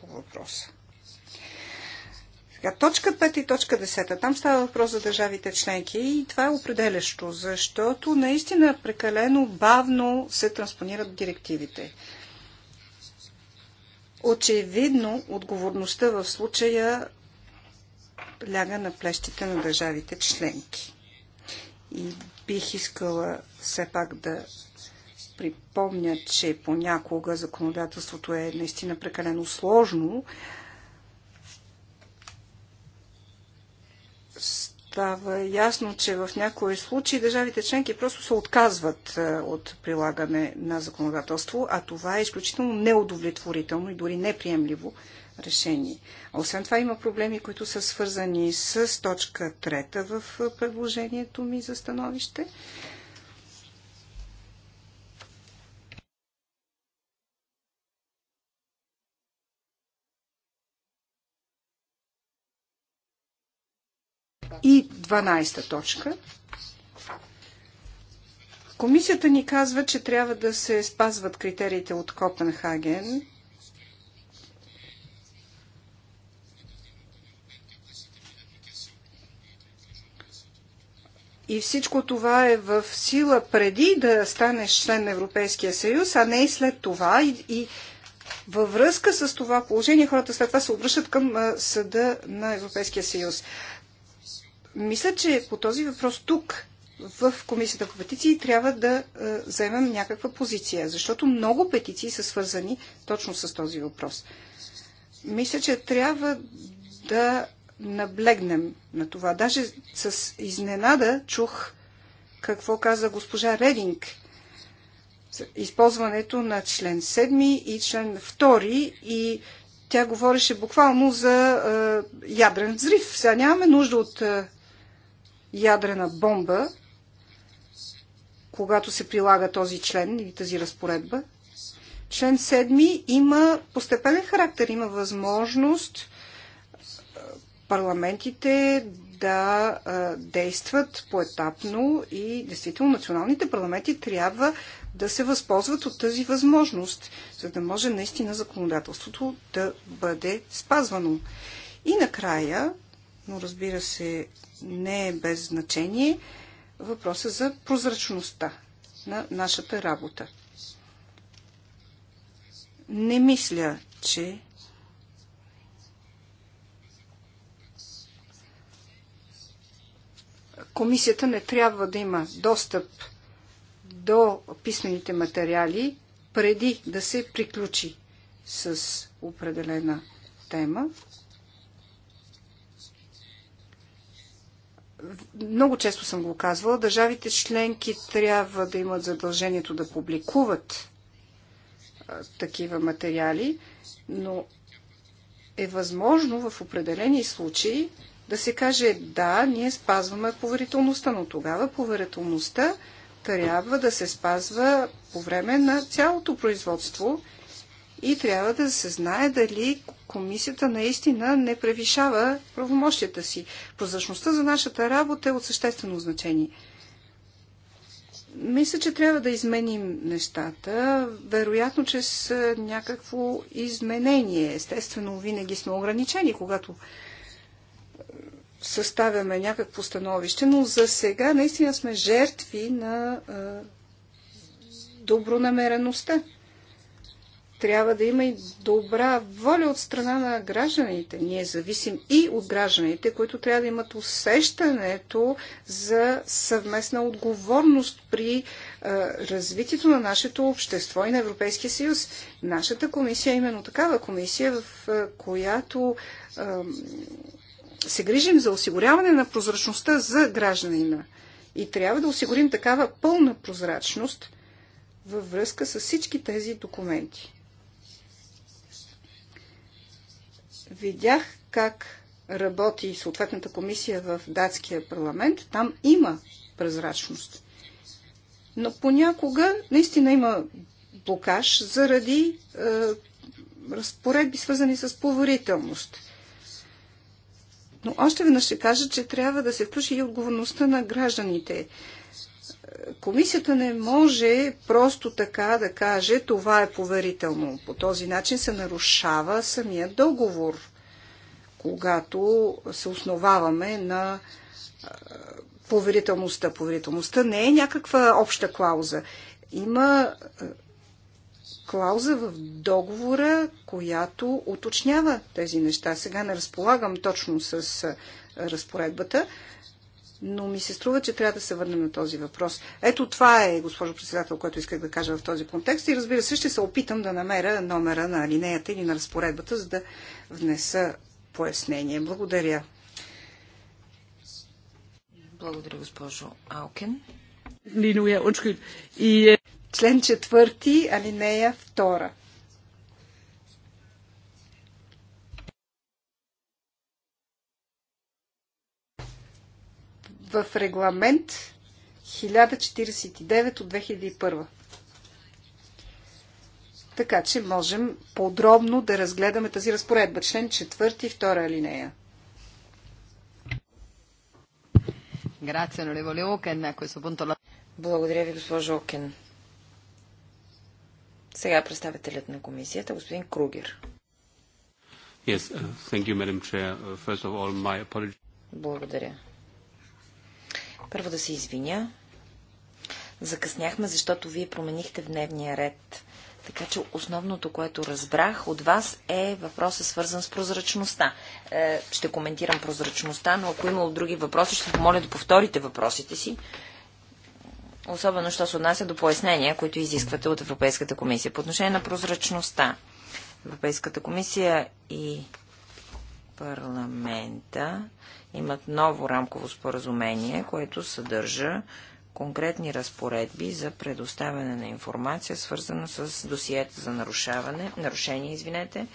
по въпроса. точка 5 и точка 10. Там става въпрос за държавите членки и това е определящо, защото наистина прекалено бавно се транспонират директивите. Очевидно, отговорността в случая ляга на плещите на държавите членки. И бих искала все пак да припомня, че понякога законодателството е наистина прекалено сложно. Става ясно, че в някои случаи държавите членки просто се отказват е, от прилагане на законодателство, а това е изключително неудовлетворително и дори неприемливо решение. А освен това има проблеми, които са свързани с точка трета в предложението ми за становище. И 12 точка. Комисията ни казва, че трябва да се спазват критериите от Копенхаген И всичко това е в сила преди да станеш член на Европейския съюз, а не и след това. И, и във връзка с това положение хората след това се обръщат към а, съда на Европейския съюз. Мисля, че по този въпрос тук в Комисията по петиции трябва да а, вземем някаква позиция, защото много петиции са свързани точно с този въпрос. Мисля, че трябва да наблегнем на това. Даже с изненада чух какво каза госпожа Рединг използването на член 7 и член 2 и тя говореше буквално за е, ядрен взрив. Сега нямаме нужда от е, ядрена бомба, когато се прилага този член или тази разпоредба. Член 7 има постепенен характер, има възможност парламентите да действат поетапно и действително националните парламенти трябва да се възползват от тази възможност, за да може наистина законодателството да бъде спазвано. И накрая, но разбира се, не е без значение, въпроса за прозрачността на нашата работа. Не мисля, че комисията не трябва да има достъп до писмените материали преди да се приключи с определена тема. Много често съм го казвала, държавите членки трябва да имат задължението да публикуват а, такива материали, но е възможно в определени случаи да се каже да, ние спазваме поверителността, но тогава поверителността трябва да се спазва по време на цялото производство и трябва да се знае дали комисията наистина не превишава правомощията си. Прозрачността за нашата работа е от съществено значение. Мисля, че трябва да изменим нещата, вероятно чрез някакво изменение. Естествено, винаги сме ограничени, когато съставяме някакво становище, но за сега наистина сме жертви на а, добронамереността. Трябва да има и добра воля от страна на гражданите. Ние зависим и от гражданите, които трябва да имат усещането за съвместна отговорност при а, развитието на нашето общество и на Европейския съюз. Нашата комисия е именно такава комисия, в а, която а, се грижим за осигуряване на прозрачността за гражданина. И трябва да осигурим такава пълна прозрачност във връзка с всички тези документи. Видях как работи съответната комисия в датския парламент. Там има прозрачност. Но понякога наистина има блокаж заради е, разпоредби, свързани с поверителност – но още веднъж ще кажа, че трябва да се включи и отговорността на гражданите. Комисията не може просто така да каже това е поверително. По този начин се нарушава самия договор, когато се основаваме на поверителността. Поверителността не е някаква обща клауза. Има клауза в договора, която уточнява тези неща. Сега не разполагам точно с разпоредбата, но ми се струва, че трябва да се върнем на този въпрос. Ето това е, госпожо председател, което исках да кажа в този контекст и разбира се ще се опитам да намеря номера на линеята или на разпоредбата, за да внеса пояснение. Благодаря. Благодаря, госпожо Алкен. Lige очкай. Член 4, алинея 2. в регламент 1049 от 2001. Така че можем подробно да разгледаме тази разпоредба. Член 4, втора алинея. Благодаря ви, госпожо Окен. Сега представителят на комисията, господин Кругер. Yes, uh, thank you, Madam Chair. Uh, first of all, my Благодаря. Първо да се извиня. Закъсняхме, защото вие променихте в дневния ред. Така че основното, което разбрах от вас е въпроса свързан с прозрачността. Е, ще коментирам прозрачността, но ако има други въпроси, ще помоля да повторите въпросите си, особено що се отнася до пояснения, които изисквате от Европейската комисия. По отношение на прозрачността, Европейската комисия и парламента имат ново рамково споразумение, което съдържа конкретни разпоредби за предоставяне на информация, свързана с досиета за нарушаване, нарушение, извинете,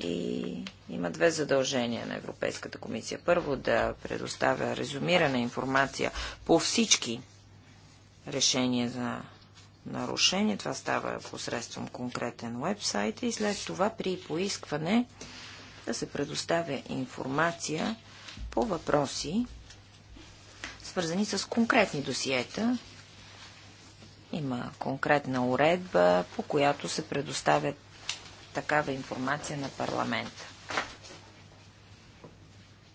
и има две задължения на Европейската комисия. Първо да предоставя резюмирана информация по всички решение за нарушение. Това става посредством конкретен вебсайт и след това при поискване да се предоставя информация по въпроси, свързани с конкретни досиета. Има конкретна уредба, по която се предоставя такава информация на парламента.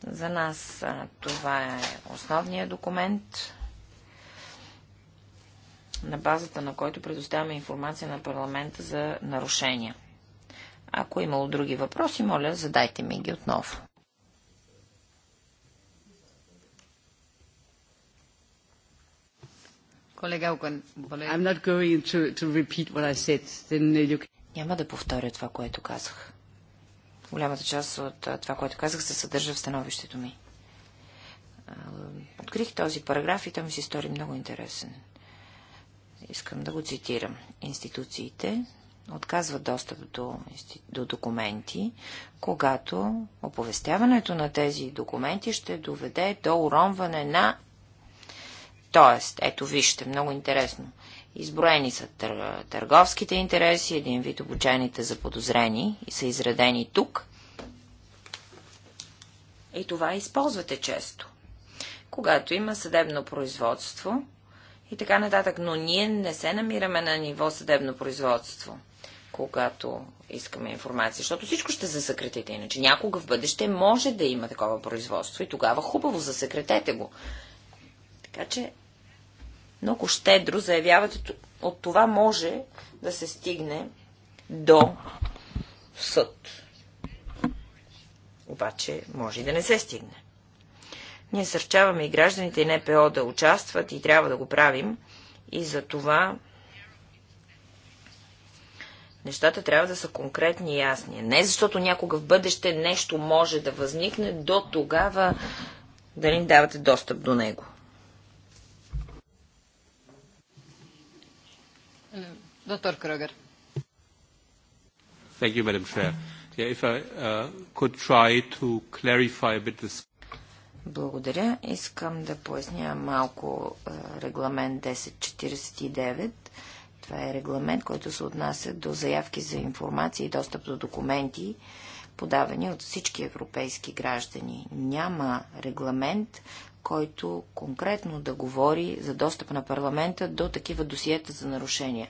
За нас това е основният документ, на базата на който предоставяме информация на парламента за нарушения. Ако е имало други въпроси, моля, задайте ми ги отново. Колега Окън, uh, Няма да повторя това, което казах. Голямата част от това, което казах, се съдържа в становището ми. Открих този параграф и той ми се стори много интересен. Искам да го цитирам. Институциите отказват достъп до, до документи, когато оповестяването на тези документи ще доведе до уронване на... Тоест, ето вижте, много интересно. Изброени са тър, търговските интереси, един вид обучените за подозрени и са изредени тук. И това използвате често. Когато има съдебно производство, и така нататък. Но ние не се намираме на ниво съдебно производство, когато искаме информация, защото всичко ще засекретите. Иначе някога в бъдеще може да има такова производство и тогава хубаво засекретете го. Така че много щедро заявявате, от това може да се стигне до съд. Обаче може и да не се стигне. Ние сърчаваме и гражданите и НПО да участват и трябва да го правим. И за това нещата трябва да са конкретни и ясни. Не защото някога в бъдеще нещо може да възникне, до тогава да ни давате достъп до него. Доктор Кръгър. Thank you, Madam Chair. Yeah, if I uh, could try to clarify a bit this благодаря. Искам да поясня малко е, регламент 1049. Това е регламент, който се отнася до заявки за информация и достъп до документи, подавани от всички европейски граждани. Няма регламент, който конкретно да говори за достъп на парламента до такива досиета за нарушения.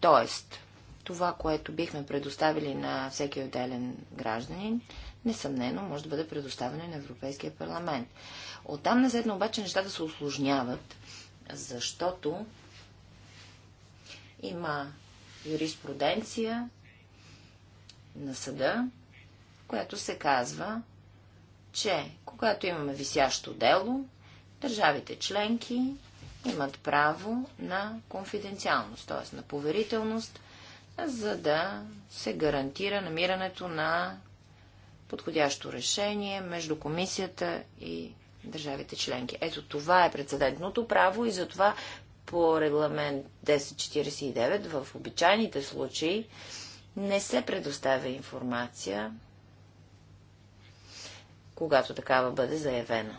Тоест, това, което бихме предоставили на всеки отделен гражданин, несъмнено може да бъде предоставено и на Европейския парламент. Оттам назедно обаче нещата се осложняват, защото има юриспруденция на съда, която се казва, че когато имаме висящо дело, държавите членки имат право на конфиденциалност, т.е. на поверителност, за да се гарантира намирането на подходящо решение между комисията и държавите членки. Ето това е прецедентното право и затова по регламент 1049 в обичайните случаи не се предоставя информация, когато такава бъде заявена.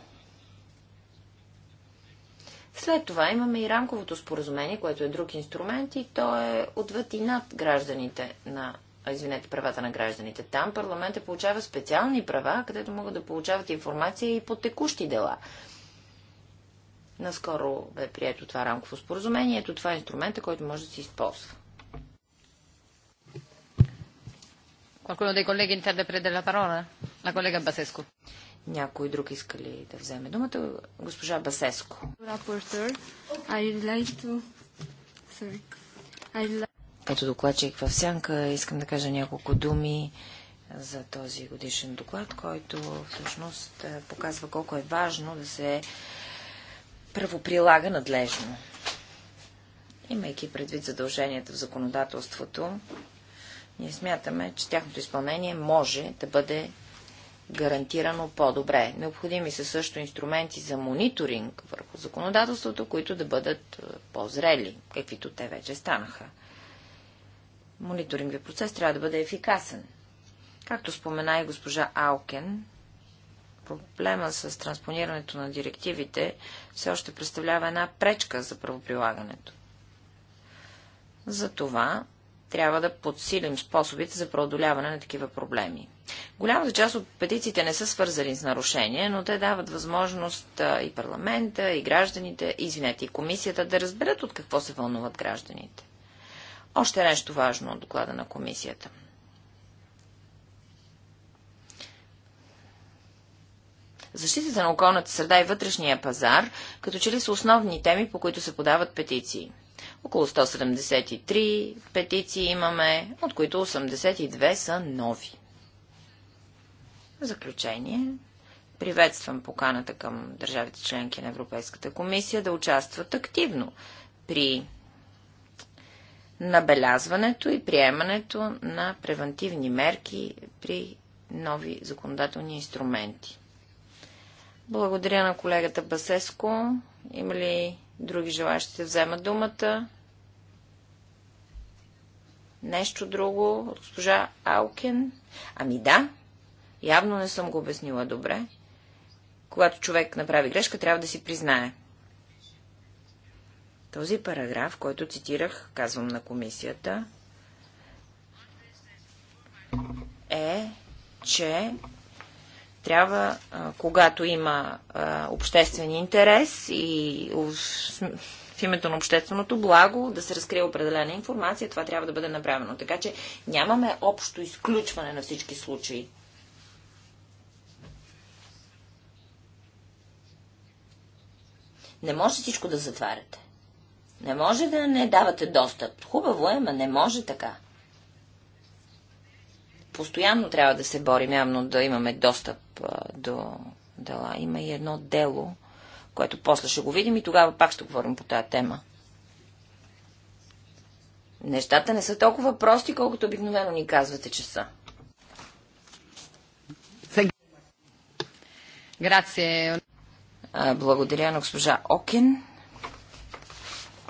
След това имаме и рамковото споразумение, което е друг инструмент и то е отвъд и над гражданите на извинете, правата на гражданите. Там парламентът получава специални права, където могат да получават информация и по текущи дела. Наскоро бе прието това рамково споразумение. Ето това е инструмента, който може да се използва. Qualcuno dei colleghi intende prendere la parola? La collega Basescu. Някой друг иска ли да вземе думата? Госпожа Басеско. Като докладчик в Сянка искам да кажа няколко думи за този годишен доклад, който всъщност е, показва колко е важно да се правоприлага надлежно. Имайки предвид задълженията в законодателството, ние смятаме, че тяхното изпълнение може да бъде гарантирано по-добре. Необходими са също инструменти за мониторинг върху законодателството, които да бъдат е, по-зрели, каквито те вече станаха мониторинговия процес трябва да бъде ефикасен. Както спомена и госпожа Алкен, проблема с транспонирането на директивите все още представлява една пречка за правоприлагането. Затова трябва да подсилим способите за преодоляване на такива проблеми. Голямата част от петициите не са свързани с нарушение, но те дават възможност и парламента, и гражданите, извинете, и комисията да разберат от какво се вълнуват гражданите. Още нещо важно от доклада на комисията. Защитата на околната среда и вътрешния пазар, като че ли са основни теми, по които се подават петиции. Около 173 петиции имаме, от които 82 са нови. В заключение, приветствам поканата към държавите членки на Европейската комисия да участват активно при набелязването и приемането на превентивни мерки при нови законодателни инструменти. Благодаря на колегата Басеско. Има ли други желащи да вземат думата? Нещо друго госпожа Алкен? Ами да, явно не съм го обяснила добре. Когато човек направи грешка, трябва да си признае. Този параграф, който цитирах, казвам на комисията, е, че трябва, когато има обществен интерес и в името на общественото благо да се разкрие определена информация, това трябва да бъде направено. Така че нямаме общо изключване на всички случаи. Не може всичко да затваряте. Не може да не давате достъп. Хубаво е, но не може така. Постоянно трябва да се борим, явно да имаме достъп а, до дела. Има и едно дело, което после ще го видим и тогава пак ще говорим по тази тема. Нещата не са толкова прости, колкото обикновено ни казвате, че са. Благодаря на госпожа Окен.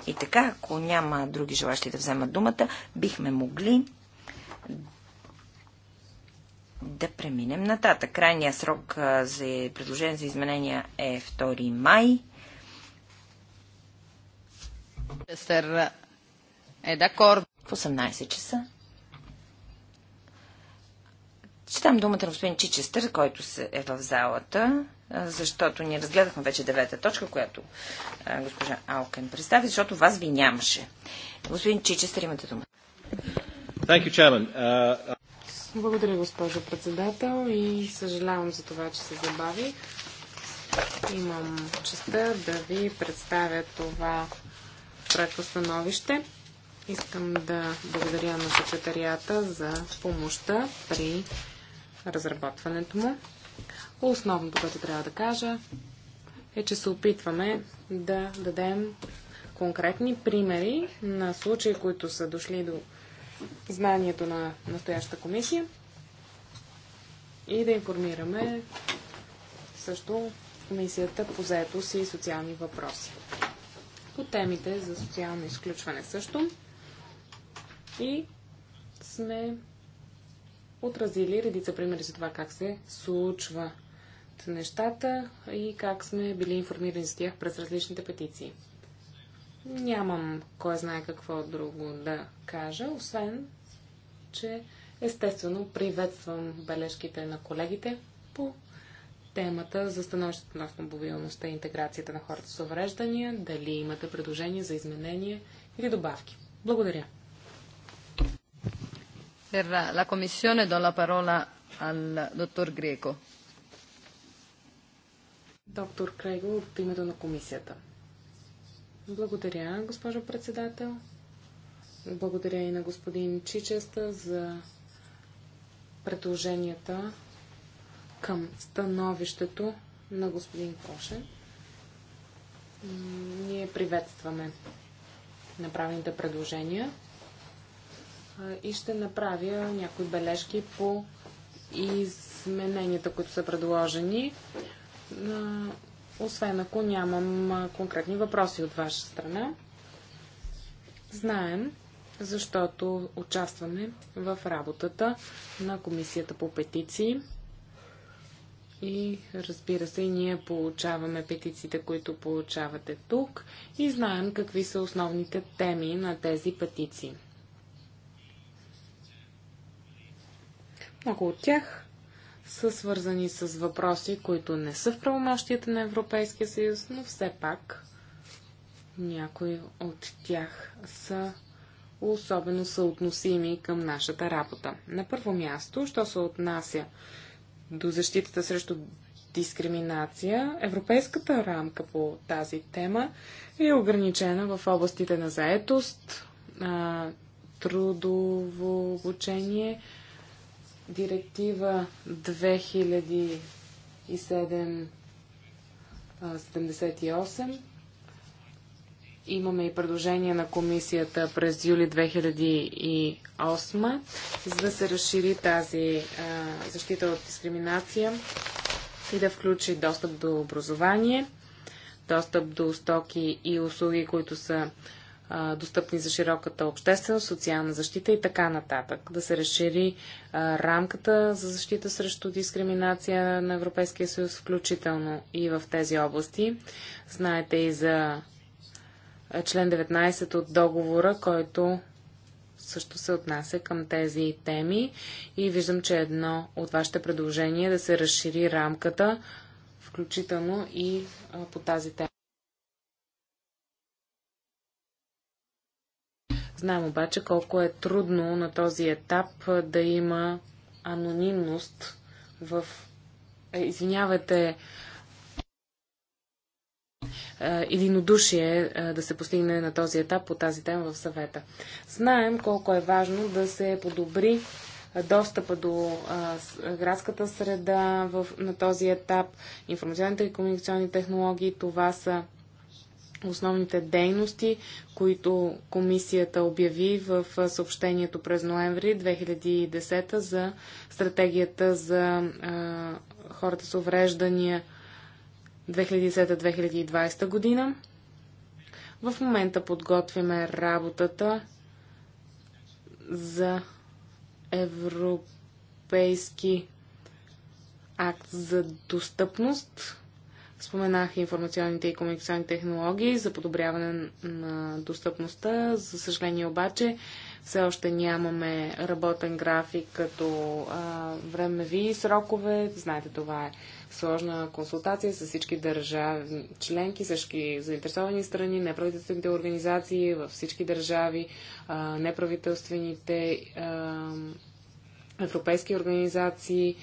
И така, ако няма други желащи да вземат думата, бихме могли да преминем нататък. Крайният срок за предложение за изменения е 2 май. е В 18 часа. Читам думата на господин Чичестър, който е в залата защото ние разгледахме вече девета точка, която госпожа Алкен представи, защото вас ви нямаше. Господин Чичестър, имате дума. Thank you, uh, uh, Благодаря, госпожо председател и съжалявам за това, че се забавих. Имам честа да ви представя това проекто становище. Искам да благодаря на секретарията за помощта при разработването му. Основното, което трябва да кажа, е, че се опитваме да дадем конкретни примери на случаи, които са дошли до знанието на настоящата комисия и да информираме също комисията по заетост и социални въпроси. По темите за социално изключване също и сме отразили редица примери за това как се случва нещата и как сме били информирани за тях през различните петиции. Нямам кой знае какво друго да кажа, освен, че естествено приветствам бележките на колегите по темата за становището на автомобилността и интеграцията на хората с увреждания, дали имате предложения за изменения или добавки. Благодаря. Per la Commissione do la parola al dottor Greco. Доктор Крейго от името на комисията. Благодаря, госпожо председател. Благодаря и на господин Чичеста за предложенията към становището на господин Кошен. Ние приветстваме направените предложения и ще направя някои бележки по измененията, които са предложени. Е, освен ако нямам е, конкретни въпроси от ваша страна. Знаем, защото участваме в работата на Комисията по петиции. И разбира се, и ние получаваме петициите, които получавате тук и знаем какви са основните теми на тези петиции. Много от тях са свързани с въпроси, които не са в правомощията на Европейския съюз, но все пак някои от тях са особено съотносими към нашата работа. На първо място, що се отнася до защитата срещу дискриминация, европейската рамка по тази тема е ограничена в областите на заетост, трудово обучение, Директива 2007-78. Имаме и предложение на комисията през юли 2008, за да се разшири тази защита от дискриминация и да включи достъп до образование, достъп до стоки и услуги, които са достъпни за широката общественост, социална защита и така нататък. Да се разшири а, рамката за защита срещу дискриминация на Европейския съюз, включително и в тези области. Знаете и за член 19 от договора, който също се отнася към тези теми. И виждам, че едно от вашите предложения е да се разшири рамката, включително и а, по тази тема. Знаем обаче колко е трудно на този етап да има анонимност в. Е, Извинявате, е, единодушие е, да се постигне на този етап по тази тема в съвета. Знаем колко е важно да се подобри достъпа до градската среда в, на този етап, информационните и комуникационни технологии, това са основните дейности, които комисията обяви в съобщението през ноември 2010 за стратегията за а, хората с увреждания 2010-2020 година. В момента подготвяме работата за европейски акт за достъпност Споменах информационните и комуникационни технологии за подобряване на достъпността. За съжаление обаче, все още нямаме работен график като а, времеви срокове. Знаете, това е сложна консултация с всички държави, членки, всички заинтересовани страни, неправителствените организации във всички държави, а, неправителствените а, европейски организации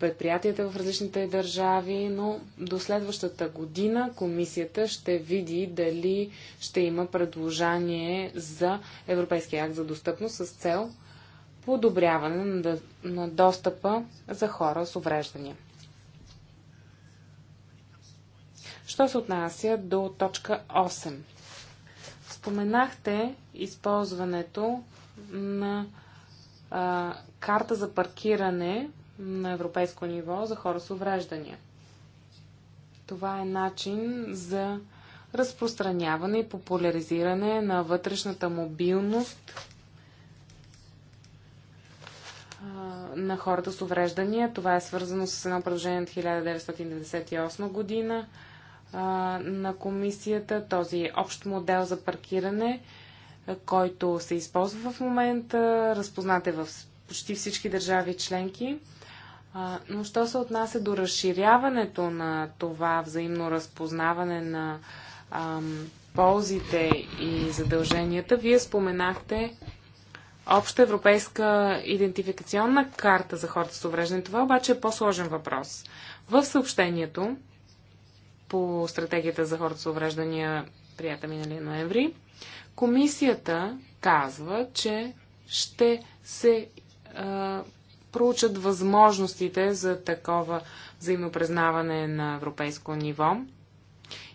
предприятията в различните държави, но до следващата година комисията ще види дали ще има предложение за Европейския акт за достъпност с цел подобряване на достъпа за хора с увреждания. Що се отнася до точка 8? Споменахте използването на а, карта за паркиране на европейско ниво за хора с увреждания. Това е начин за разпространяване и популяризиране на вътрешната мобилност на хората с увреждания. Това е свързано с едно предложение от 1998 година на комисията, този общ модел за паркиране, който се използва в момента, разпознат е в почти всички държави членки но що се отнася до разширяването на това взаимно разпознаване на ам, ползите и задълженията, вие споменахте обща европейска идентификационна карта за хората с увреждане. Това обаче е по-сложен въпрос. В съобщението по стратегията за хората с увреждания, прията миналия ноември, комисията казва, че ще се а, проучат възможностите за такова взаимопризнаване на европейско ниво.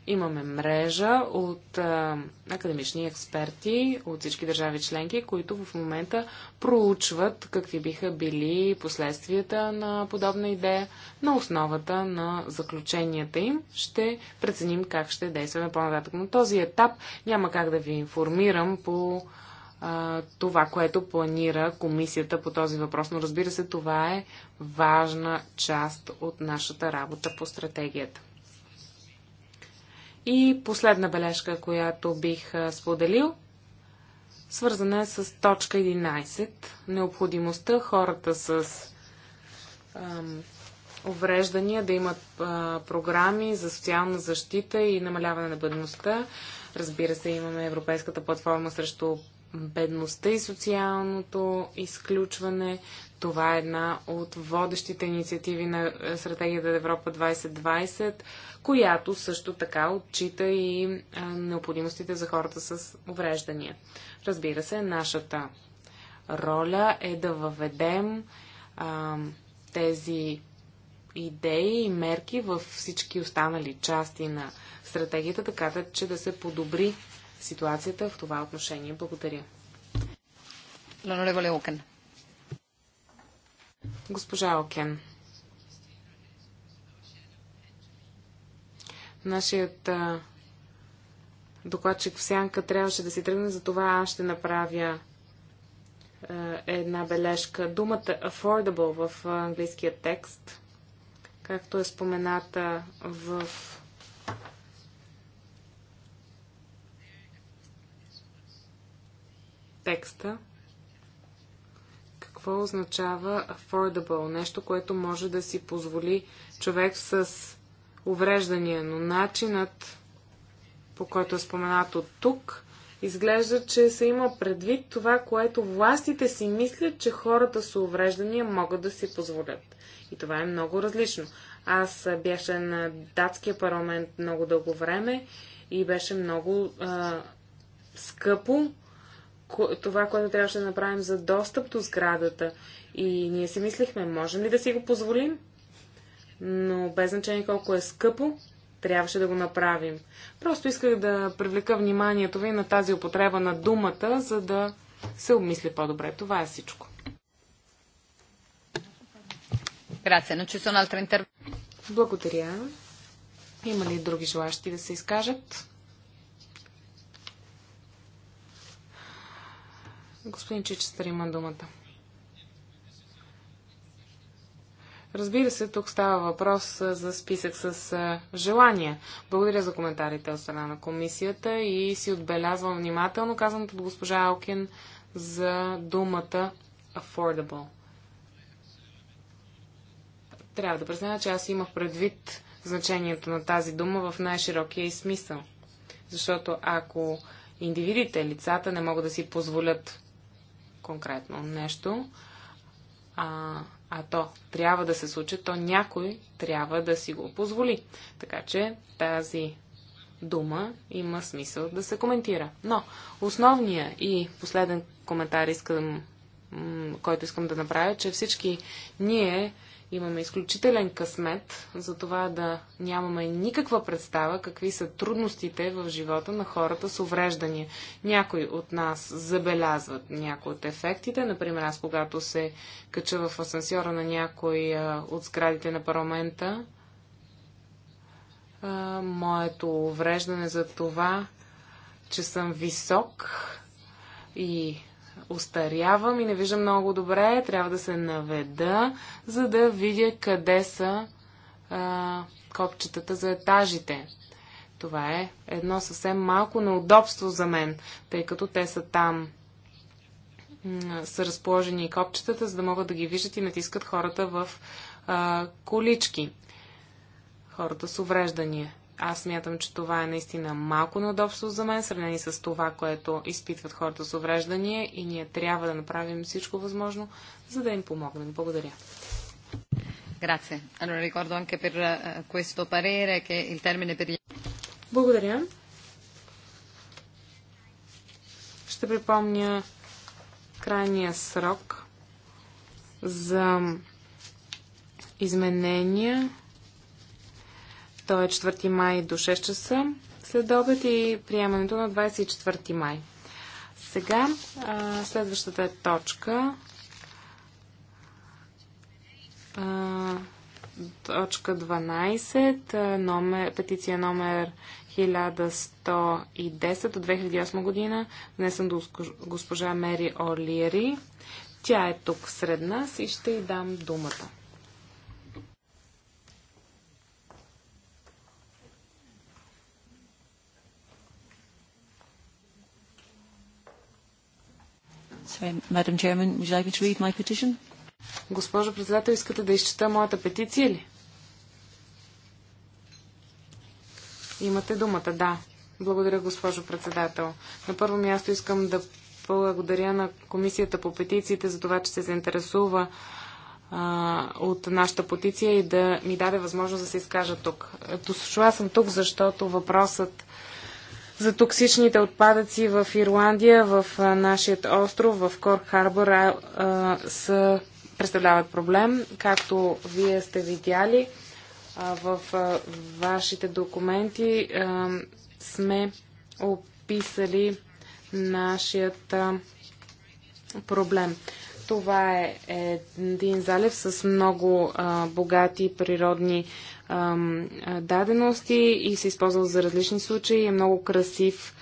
Имаме мрежа от а, академични експерти от всички държави членки, които в момента проучват какви биха били последствията на подобна идея. На основата на заключенията им ще преценим как ще действаме по-нататък. На този етап няма как да ви информирам по а, това, което планира комисията по този въпрос. Но разбира се, това е важна част от нашата работа по стратегията. И последна бележка, която бих споделил, свързана е с точка 11. Необходимостта хората с ам, увреждания да имат а, програми за социална защита и намаляване на бъдността. Разбира се, имаме Европейската платформа срещу бедността и социалното изключване. Това е една от водещите инициативи на е, стратегията Европа 2020, която също така отчита и е, необходимостите за хората с увреждания. Разбира се, нашата роля е да въведем а, е, тези идеи и мерки във всички останали части на стратегията, така че да се подобри ситуацията в това отношение. Благодаря. Госпожа Окен. Нашият докладчик в сянка трябваше да си тръгне, за това аз ще направя една бележка. Думата affordable в английския текст, както е спомената в текста какво означава affordable, нещо, което може да си позволи човек с увреждания, но начинът, по който е споменато тук, изглежда, че се има предвид това, което властите си мислят, че хората с увреждания могат да си позволят. И това е много различно. Аз бях на датския парламент много дълго време и беше много а, скъпо това, което трябваше да направим за достъп до сградата. И ние си мислихме, можем ли да си го позволим? Но без значение колко е скъпо, трябваше да го направим. Просто исках да привлека вниманието ви на тази употреба на думата, за да се обмисли по-добре. Това е всичко. Благодаря. Има ли други желащи да се изкажат? Господин Чичестър има думата. Разбира се, тук става въпрос за списък с желания. Благодаря за коментарите от страна на комисията и си отбелязвам внимателно казаното от госпожа Алкин за думата affordable. Трябва да призная, че аз имах предвид значението на тази дума в най-широкия и смисъл. Защото ако индивидите, лицата не могат да си позволят конкретно нещо, а, а то трябва да се случи, то някой трябва да си го позволи. Така че тази дума има смисъл да се коментира. Но основния и последен коментар, искам, който искам да направя, че всички ние имаме изключителен късмет за това да нямаме никаква представа какви са трудностите в живота на хората с увреждания. Някои от нас забелязват някои от ефектите. Например, аз когато се кача в асансьора на някой от сградите на парламента, моето увреждане за това, че съм висок и Остарявам и не виждам много добре. Трябва да се наведа, за да видя къде са а, копчетата за етажите. Това е едно съвсем малко неудобство за мен, тъй като те са там са разположени и копчетата, за да могат да ги виждат и натискат хората в а, колички. Хората с увреждания. Аз мятам, че това е наистина малко неудобство за мен, сравнени с това, което изпитват хората с увреждания и ние трябва да направим всичко възможно, за да им помогнем. Благодаря. Grazie. Allora ricordo anche per eh, questo parere che il termine per Благодаря. Ще припомня крайния срок за изменения той е 4 май до 6 часа след обед и приемането на 24 май. Сега а, следващата е точка. А, точка 12, номер, петиция номер 1110 от 2008 година, внесен до госпожа Мери Орлиери. Тя е тук сред нас и ще й дам думата. Госпожо председател, искате да изчета моята петиция ли? Имате думата, да. Благодаря, госпожо председател. На първо място искам да благодаря на Комисията по петициите за това, че се заинтересува а, от нашата петиция и да ми даде възможност да се изкажа тук. Дошла е, съм тук, защото въпросът за токсичните отпадъци в Ирландия, в нашия остров, в Корк Харбор са, представляват проблем, както вие сте видяли в вашите документи сме описали нашият проблем. Това е един залив с много богати природни дадености и се използва за различни случаи. Е много красив,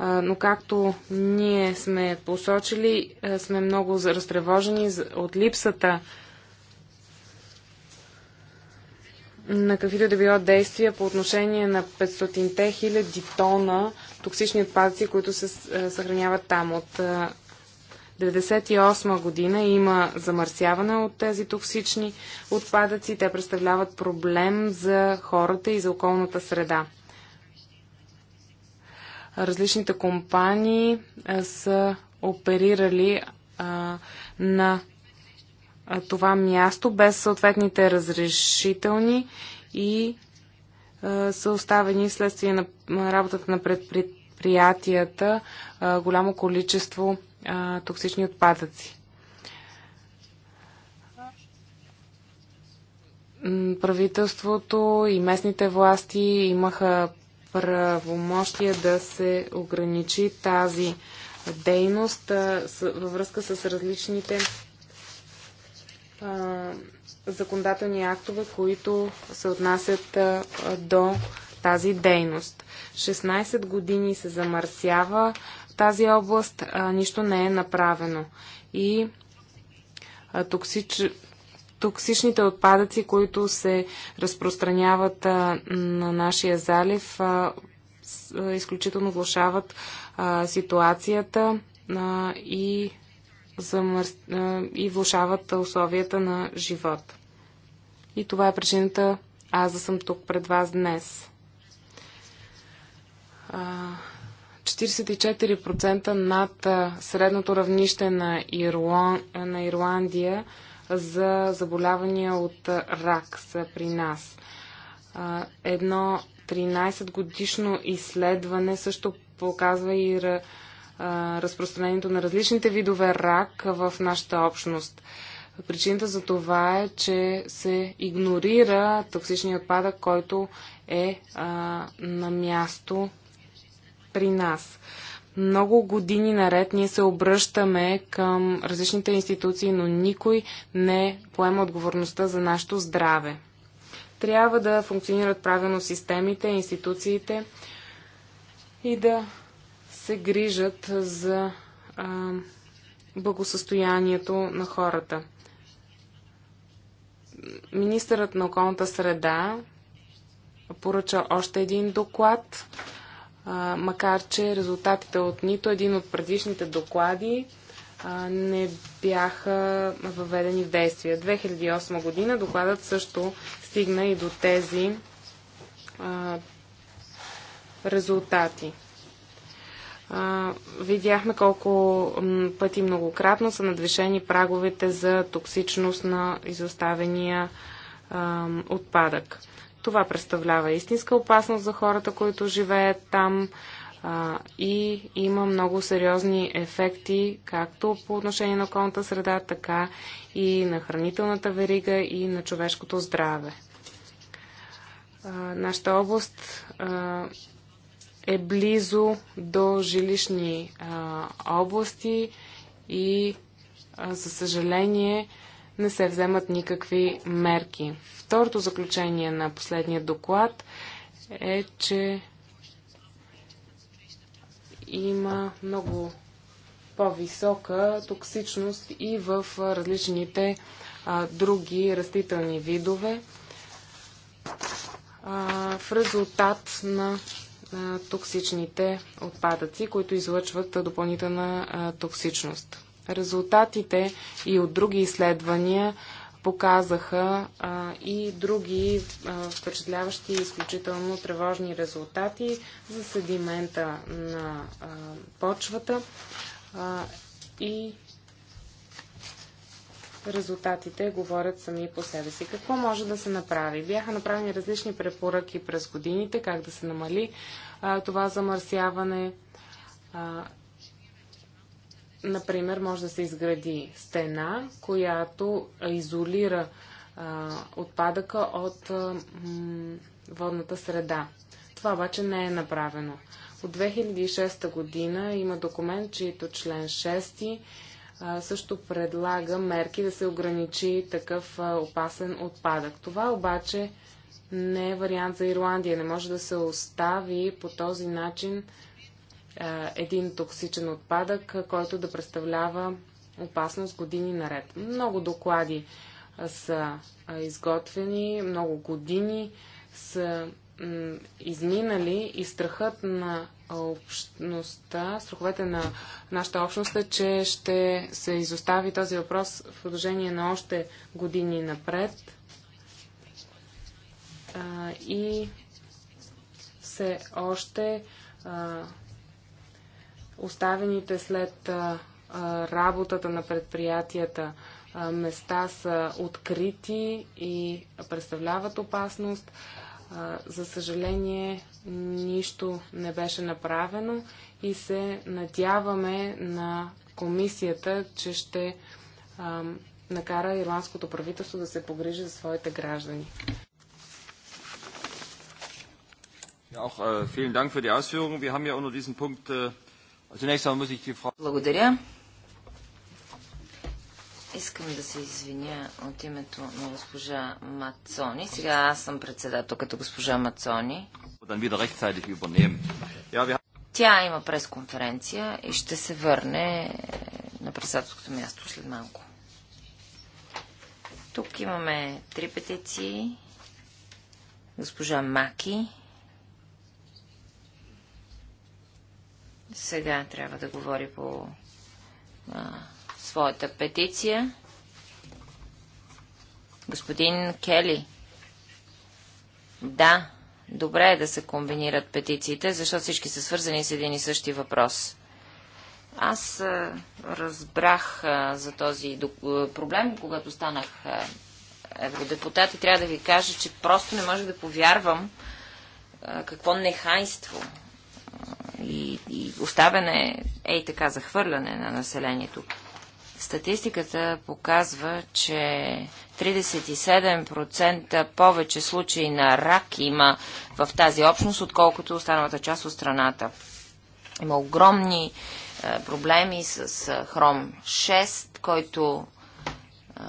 но както ние сме посочили, сме много разтревожени от липсата на каквито да било действия по отношение на 500-те хиляди тона токсични отпадъци, които се съхраняват там. От 1998 година има замърсяване от тези токсични отпадъци. Те представляват проблем за хората и за околната среда. Различните компании са оперирали а, на а, това място без съответните разрешителни и са оставени следствие на работата на предприятията голямо количество а, токсични отпадъци. Правителството и местните власти имаха правомощия да се ограничи тази дейност а, с, във връзка с различните а, законодателни актове, които се отнасят а, до тази дейност. 16 години се замърсява тази област а, нищо не е направено. И а, токсич, токсичните отпадъци, които се разпространяват а, на нашия залив, а, с, а, изключително влушават а, ситуацията а, и, замър... а, и влушават условията на живот. И това е причината аз да съм тук пред вас днес. А, 44% над средното равнище на, Ирлон, на Ирландия за заболявания от рак са при нас. Едно 13 годишно изследване също показва и разпространението на различните видове рак в нашата общност. Причината за това е, че се игнорира токсичния отпадък, който е а, на място при нас. Много години наред ние се обръщаме към различните институции, но никой не поема отговорността за нашето здраве. Трябва да функционират правилно системите, институциите и да се грижат за а, благосъстоянието на хората. Министърът на околната среда поръча още един доклад макар че резултатите от нито един от предишните доклади не бяха въведени в действие. 2008 година докладът също стигна и до тези резултати. видяхме колко пъти многократно са надвишени праговете за токсичност на изоставения отпадък. Това представлява истинска опасност за хората, които живеят там а, и има много сериозни ефекти, както по отношение на околната среда, така и на хранителната верига и на човешкото здраве. А, нашата област а, е близо до жилищни а, области и а, за съжаление, не се вземат никакви мерки. Второто заключение на последния доклад е, че има много по-висока токсичност и в различните а, други растителни видове а, в резултат на а, токсичните отпадъци, които излъчват допълнителна токсичност. Резултатите и от други изследвания показаха а, и други а, впечатляващи и изключително тревожни резултати за седимента на а, почвата а, и резултатите говорят сами по себе си. Какво може да се направи? Бяха направени различни препоръки през годините, как да се намали а, това замърсяване. А, например, може да се изгради стена, която изолира а, отпадъка от а, водната среда. Това обаче не е направено. От 2006 година има документ, чието член 6 също предлага мерки да се ограничи такъв опасен отпадък. Това обаче не е вариант за Ирландия. Не може да се остави по този начин е, един токсичен отпадък, който да представлява опасност години наред. Много доклади са изготвени, много години са изминали и страхът на общността, страховете на нашата общност е, че ще се изостави този въпрос в продължение на още години напред. и все още Оставените след а, работата на предприятията а, места са открити и представляват опасност. А, за съжаление, нищо не беше направено и се надяваме на комисията, че ще накара ирландското правителство да се погрижи за своите граждани. auch äh, vielen Dank für die Ausführungen. Wir haben ja unter diesem Punkt äh, благодаря. Искам да се извиня от името на госпожа Мацони. Сега аз съм председател като госпожа Мацони. Тя има пресконференция и ще се върне е, на председателското място след малко. Тук имаме три петиции. Госпожа Маки сега трябва да говори по а, своята петиция. Господин Кели. Да, добре е да се комбинират петициите, защото всички са свързани с един и същи въпрос. Аз а, разбрах а, за този проблем, когато станах а, евродепутат и трябва да ви кажа, че просто не можех да повярвам а, какво нехайство и, и оставяне, ей така, захвърляне на населението. Статистиката показва, че 37% повече случаи на рак има в тази общност, отколкото останалата част от страната. Има огромни е, проблеми с е, хром 6, който е,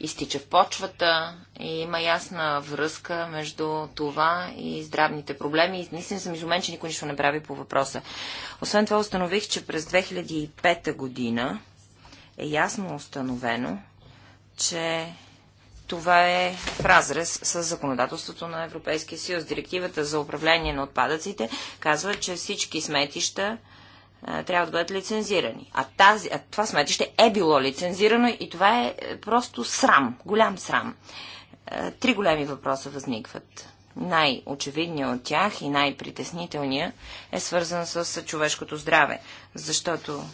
изтича в почвата и има ясна връзка между това и здравните проблеми. И наистина съм изумен, че никой нищо не прави по въпроса. Освен това установих, че през 2005 година е ясно установено, че това е в разрез с законодателството на Европейския съюз. Директивата за управление на отпадъците казва, че всички сметища трябва да бъдат лицензирани. А, тази, а това сметище е било лицензирано и това е, е просто срам, голям срам. Три големи въпроса възникват. Най-очевидният от тях и най-притеснителният е свързан с човешкото здраве, защото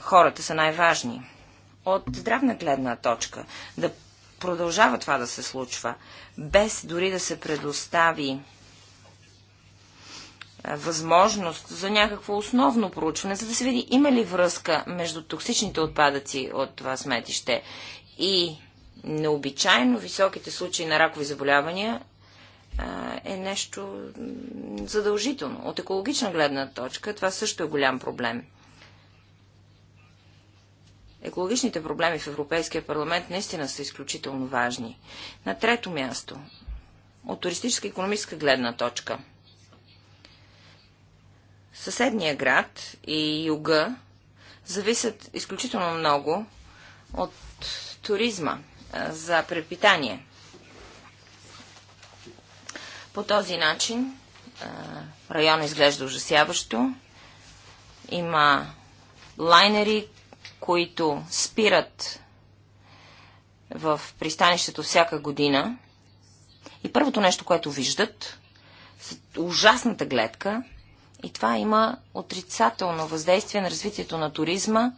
хората са най-важни. От здравна гледна точка да продължава това да се случва, без дори да се предостави е, възможност за някакво основно проучване, за да се види има ли връзка между токсичните отпадъци от това сметище и необичайно високите случаи на ракови заболявания е, е нещо задължително. От екологична гледна точка това също е голям проблем. Екологичните проблеми в Европейския парламент наистина са изключително важни. На трето място, от туристическа и економическа гледна точка – съседния град и юга зависят изключително много от туризма за препитание. По този начин район изглежда ужасяващо. Има лайнери, които спират в пристанището всяка година. И първото нещо, което виждат, ужасната гледка и това има отрицателно въздействие на развитието на туризма.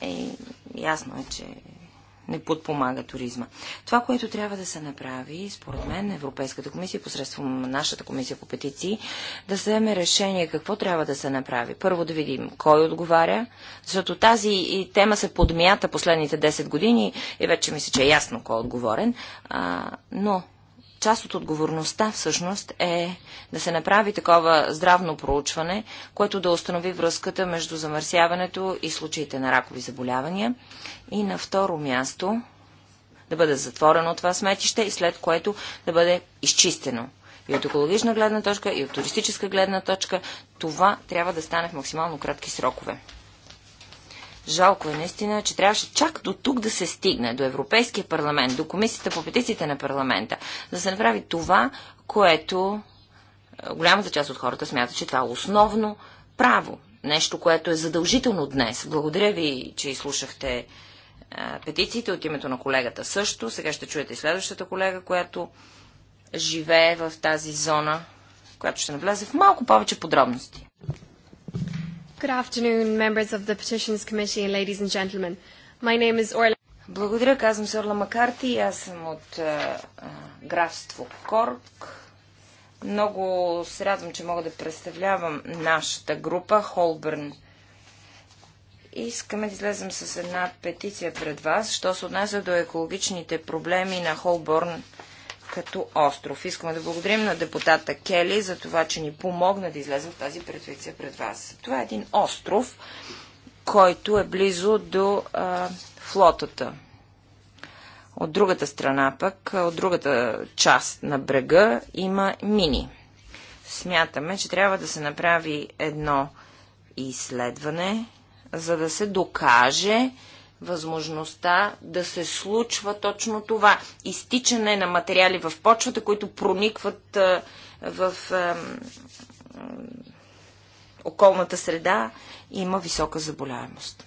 Е, ясно е, че не подпомага туризма. Това, което трябва да се направи, според мен, Европейската комисия, посредством нашата комисия по петиции, да вземе решение какво трябва да се направи. Първо да видим кой отговаря, защото тази тема се подмята последните 10 години и вече мисля, че е ясно кой е отговорен, а, но част от отговорността всъщност е да се направи такова здравно проучване, което да установи връзката между замърсяването и случаите на ракови заболявания. И на второ място да бъде затворено това сметище и след което да бъде изчистено. И от екологична гледна точка, и от туристическа гледна точка, това трябва да стане в максимално кратки срокове. Жалко е наистина, че трябваше чак до тук да се стигне, до Европейския парламент, до Комисията по петициите на парламента, да се направи това, което е, голямата част от хората смятат, че това е основно право. Нещо, което е задължително днес. Благодаря ви, че изслушахте е, петициите от името на колегата също. Сега ще чуете и следващата колега, която живее в тази зона, която ще навлезе в малко повече подробности. Good afternoon, members of the Petitions Committee, and ladies and gentlemen. My name is Orla. Благодаря, казвам се Орла Макарти. Аз съм от а, е, е, графство Корк. Много се радвам, че мога да представлявам нашата група Холбърн. Искаме да излезем с една петиция пред вас, що се отнася до екологичните проблеми на Холбърн като остров. Искаме да благодарим на депутата Кели за това, че ни помогна да излезем в тази претвиция пред вас. Това е един остров, който е близо до а, флотата. От другата страна пък, от другата част на брега има мини. Смятаме, че трябва да се направи едно изследване, за да се докаже, възможността да се случва точно това. Изтичане на материали в почвата, които проникват в околната среда и има висока заболяемост.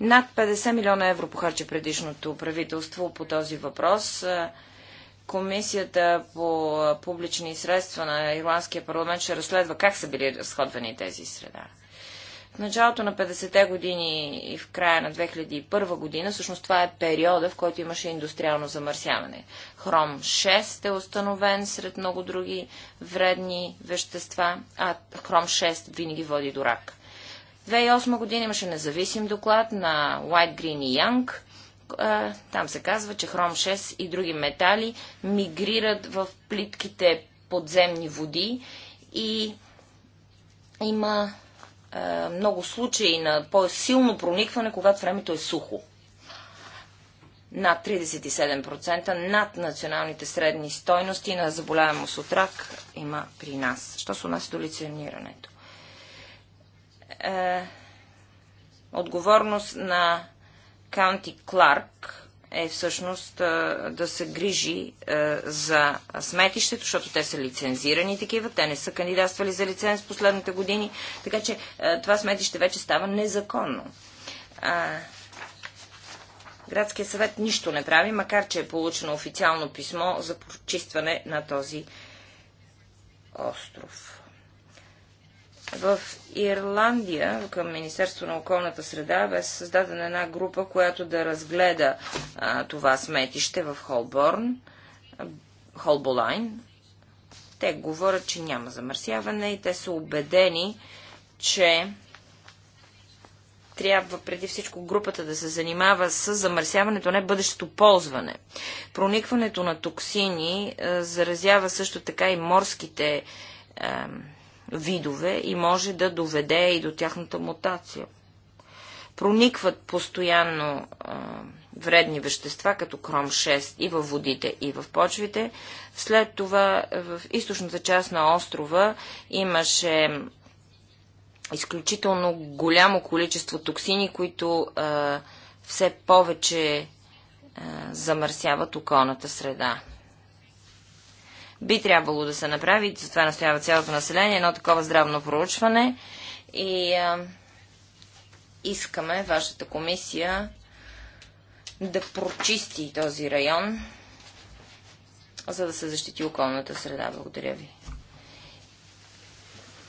Над 50 милиона евро похарчи предишното правителство по този въпрос. Комисията по публични средства на Ирландския парламент ще разследва как са били разходвани тези среда. В началото на 50-те години и в края на 2001 година, всъщност това е периода, в който имаше индустриално замърсяване. Хром 6 е установен сред много други вредни вещества, а хром 6 винаги води до рак. 2008 година имаше независим доклад на White, Green и Young. Е, там се казва, че хром 6 и други метали мигрират в плитките подземни води и има е, много случаи на по-силно проникване, когато времето е сухо. Над 37% над националните средни стойности на заболяемост от рак има при нас. Що се отнася до лицензирането? Е, отговорност на Каунти Кларк е всъщност да се грижи за сметището, защото те са лицензирани такива, те не са кандидатствали за лиценз последните години, така че това сметище вече става незаконно. Градския съвет нищо не прави, макар че е получено официално писмо за почистване на този остров. В Ирландия към Министерство на околната среда бе създадена една група, която да разгледа а, това сметище в Холборн, Холболайн. Те говорят, че няма замърсяване и те са убедени, че трябва преди всичко групата да се занимава с замърсяването, не бъдещето ползване. Проникването на токсини а, заразява също така и морските а, видове и може да доведе и до тяхната мутация. Проникват постоянно а, вредни вещества, като кром-6 и във водите, и в почвите. След това в източната част на острова имаше изключително голямо количество токсини, които а, все повече а, замърсяват околната среда. Би трябвало да се направи, за това настоява цялото население, едно такова здравно проучване и а, искаме вашата комисия да прочисти този район, за да се защити околната среда. Благодаря ви.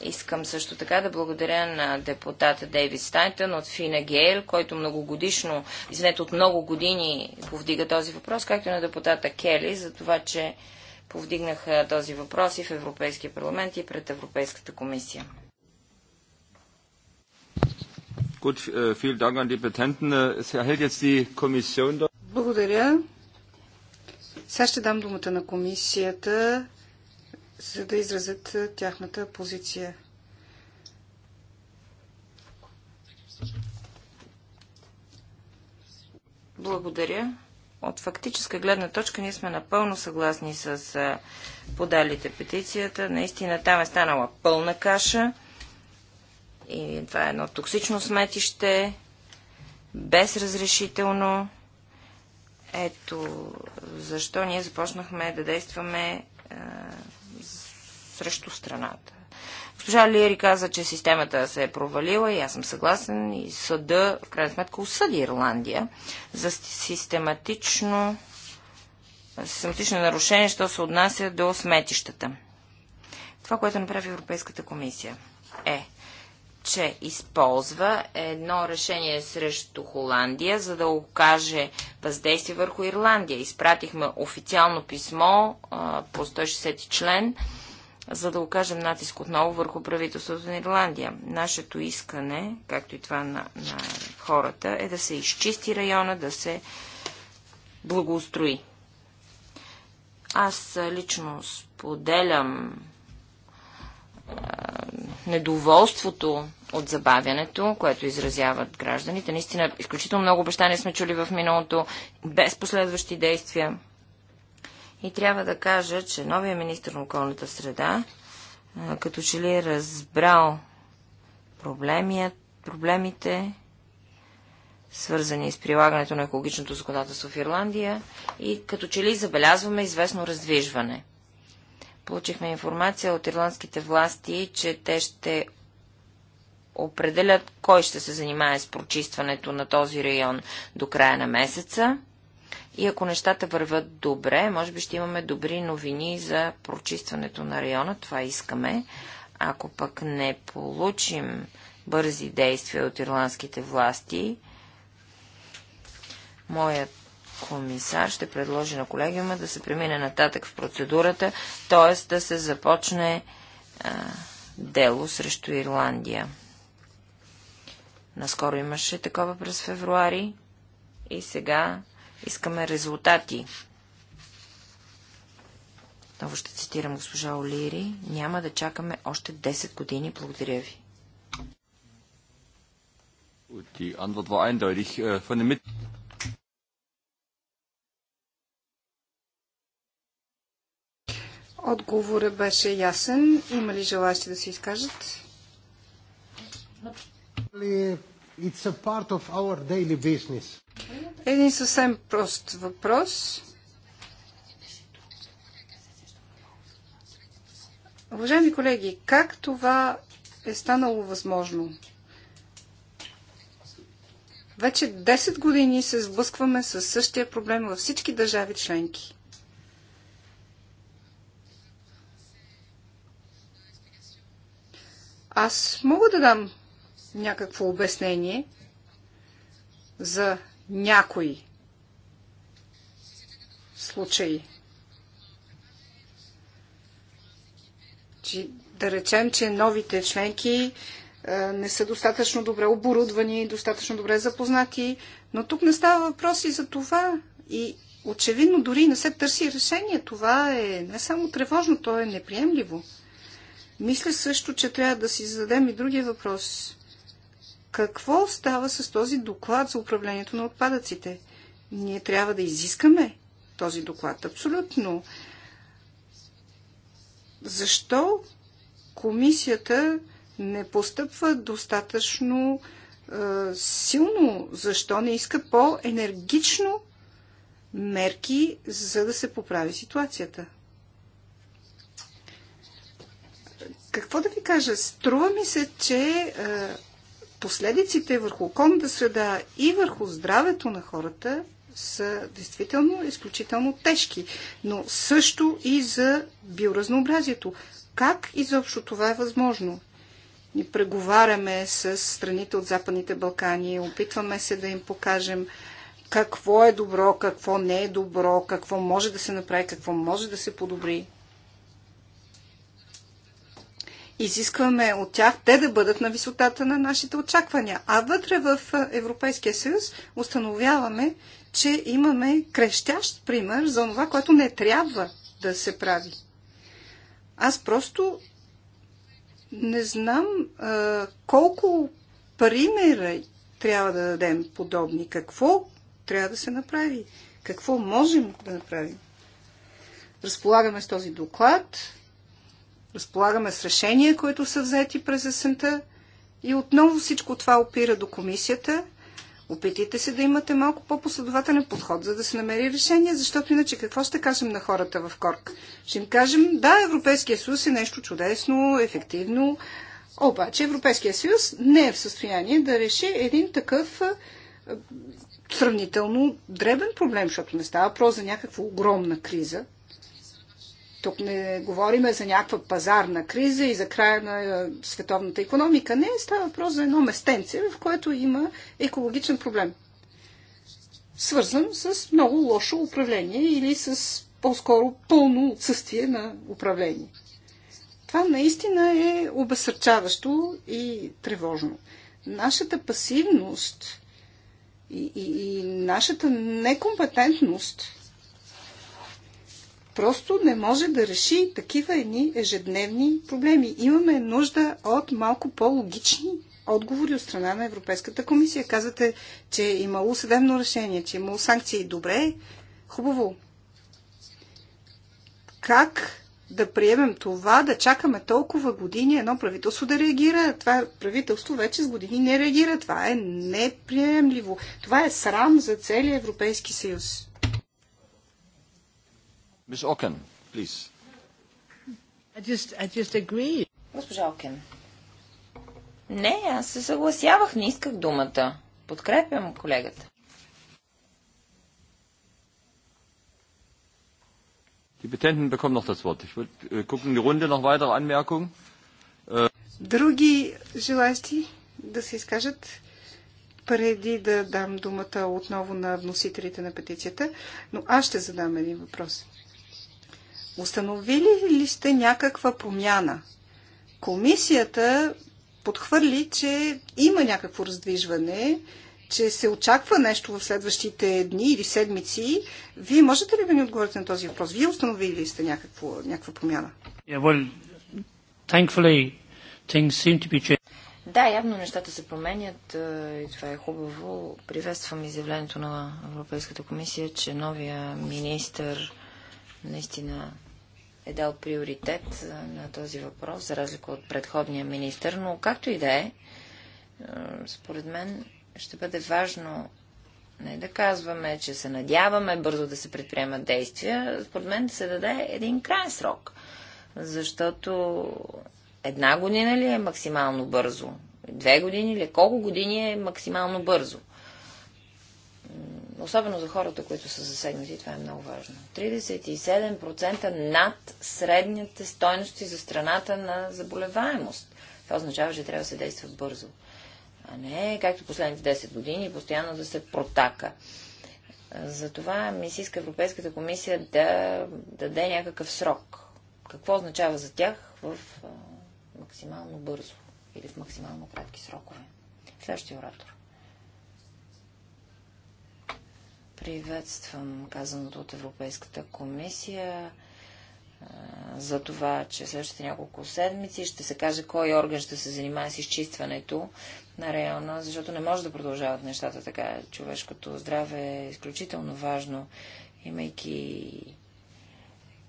Искам също така да благодаря на депутата Дейвид Стайтън от Фина Гейл, който многогодишно, извинете, от много години повдига този въпрос, както и на депутата Кели, за това, че повдигнаха този въпрос и в Европейския парламент и пред Европейската комисия. Äh, Благодаря. Сега ще дам думата на комисията, за да изразят е, тяхната позиция. Благодаря от фактическа гледна точка ние сме напълно съгласни с подалите петицията. Наистина там е станала пълна каша и това е едно токсично сметище, безразрешително. Ето защо ние започнахме да действаме а, срещу страната. Госпожа Лири каза, че системата се е провалила и аз съм съгласен и съда, в крайна сметка, осъди Ирландия за систематично систематично нарушение, що се отнася до сметищата. Това, което направи Европейската комисия е, че използва едно решение срещу Холандия, за да окаже въздействие върху Ирландия. Изпратихме официално писмо а, по 160 член за да окажем натиск отново върху правителството на Ирландия. Нашето искане, както и това на, на хората, е да се изчисти района, да се благоустрои. Аз лично споделям недоволството от забавянето, което изразяват гражданите. Наистина, изключително много обещания сме чули в миналото, без последващи действия. И трябва да кажа, че новия министр на околната среда като че ли е разбрал проблемите, свързани с прилагането на екологичното законодателство в Ирландия и като че ли забелязваме известно раздвижване. Получихме информация от ирландските власти, че те ще определят кой ще се занимае с прочистването на този район до края на месеца. И ако нещата върват добре, може би ще имаме добри новини за прочистването на района. Това искаме. Ако пък не получим бързи действия от ирландските власти, моят комисар ще предложи на колегиума да се премине нататък в процедурата, т.е. да се започне а, дело срещу Ирландия. Наскоро имаше такова през февруари и сега Искаме резултати. Ново ще цитирам госпожа Олири. Няма да чакаме още 10 години. Благодаря ви. Äh, Отговорът беше ясен. Има ли желащи да се изкажат? It's a part of our daily business. Един съвсем прост въпрос. Уважаеми колеги, как това е станало възможно? Вече 10 години се сблъскваме с същия проблем във всички държави членки. Аз мога да дам някакво обяснение за някои случаи. Че, да речем, че новите членки е, не са достатъчно добре оборудвани, достатъчно добре запознати, но тук не става въпрос и за това. И очевидно дори не се търси решение. Това е не само тревожно, то е неприемливо. Мисля също, че трябва да си зададем и другия въпрос. Какво става с този доклад за управлението на отпадъците? Ние трябва да изискаме този доклад. Абсолютно. Защо комисията не постъпва достатъчно е, силно? Защо не иска по-енергично мерки, за да се поправи ситуацията? Какво да ви кажа? Струва ми се, че е, последиците върху околната среда и върху здравето на хората са действително изключително тежки, но също и за биоразнообразието. Как изобщо това е възможно? Ни преговаряме с страните от Западните Балкани, опитваме се да им покажем какво е добро, какво не е добро, какво може да се направи, какво може да се подобри изискваме от тях те да бъдат на висотата на нашите очаквания. А вътре в Европейския съюз установяваме, че имаме крещящ пример за това, което не трябва да се прави. Аз просто не знам а, колко примера трябва да дадем подобни. Какво трябва да се направи? Какво можем да направим? Разполагаме с този доклад разполагаме с решения, които са взети през есента и отново всичко това опира до комисията. Опитайте се да имате малко по-последователен подход, за да се намери решение, защото иначе какво ще кажем на хората в Корк? Ще им кажем, да, Европейския съюз е нещо чудесно, ефективно, обаче Европейския съюз не е в състояние да реши един такъв сравнително дребен проблем, защото не става въпрос за някаква огромна криза, тук не говорим за някаква пазарна криза и за края на е, световната економика. Не, става въпрос за едно местенце, в което има екологичен проблем. Свързан с много лошо управление или с по-скоро пълно отсъствие на управление. Това наистина е обесърчаващо и тревожно. Нашата пасивност и, и, и нашата некомпетентност – просто не може да реши такива едни ежедневни проблеми. Имаме нужда от малко по-логични отговори от страна на Европейската комисия. Казвате, че е имало съдебно решение, че е имало санкции. Добре, хубаво. Как да приемем това, да чакаме толкова години едно правителство да реагира. Това правителство вече с години не реагира. Това е неприемливо. Това е срам за целия Европейски съюз please. I just, I just agree. Госпожа Окен. Не, аз се съгласявах, не исках думата. Подкрепям колегата. Die Petenten bekommen noch das Wort. Ich würde äh, gucken, die Runde noch weitere Anmerkungen. Äh, Други желащи да се изкажат преди да дам думата отново на вносителите на петицията, но аз ще задам един въпрос. Установили ли сте някаква промяна? Комисията подхвърли, че има някакво раздвижване, че се очаква нещо в следващите дни или седмици. Вие можете ли да ни отговорите на този въпрос? Вие установили ли сте някакво, някаква промяна? Yeah, well, thankfully, things seem to be да, явно нещата се променят и това е хубаво. Приветствам изявлението на Европейската комисия, че новия министр наистина е дал приоритет на този въпрос, за разлика от предходния министр, но както и да е, според мен ще бъде важно не да казваме, че се надяваме бързо да се предприемат действия, според мен да се даде един крайен срок. Защото една година ли е максимално бързо? Две години ли? Колко години е максимално бързо? Особено за хората, които са засегнати, това е много важно. 37% над средните стойности за страната на заболеваемост. Това означава, че трябва да се действа бързо. А не както последните 10 години, постоянно да се протака. Затова ми се иска Европейската комисия да даде някакъв срок. Какво означава за тях в максимално бързо или в максимално кратки срокове? Следващия оратор. Приветствам казаното от Европейската комисия за това, че следващите няколко седмици ще се каже кой орган ще се занимава с изчистването на района, защото не може да продължават нещата така. Човешкото здраве е изключително важно, имайки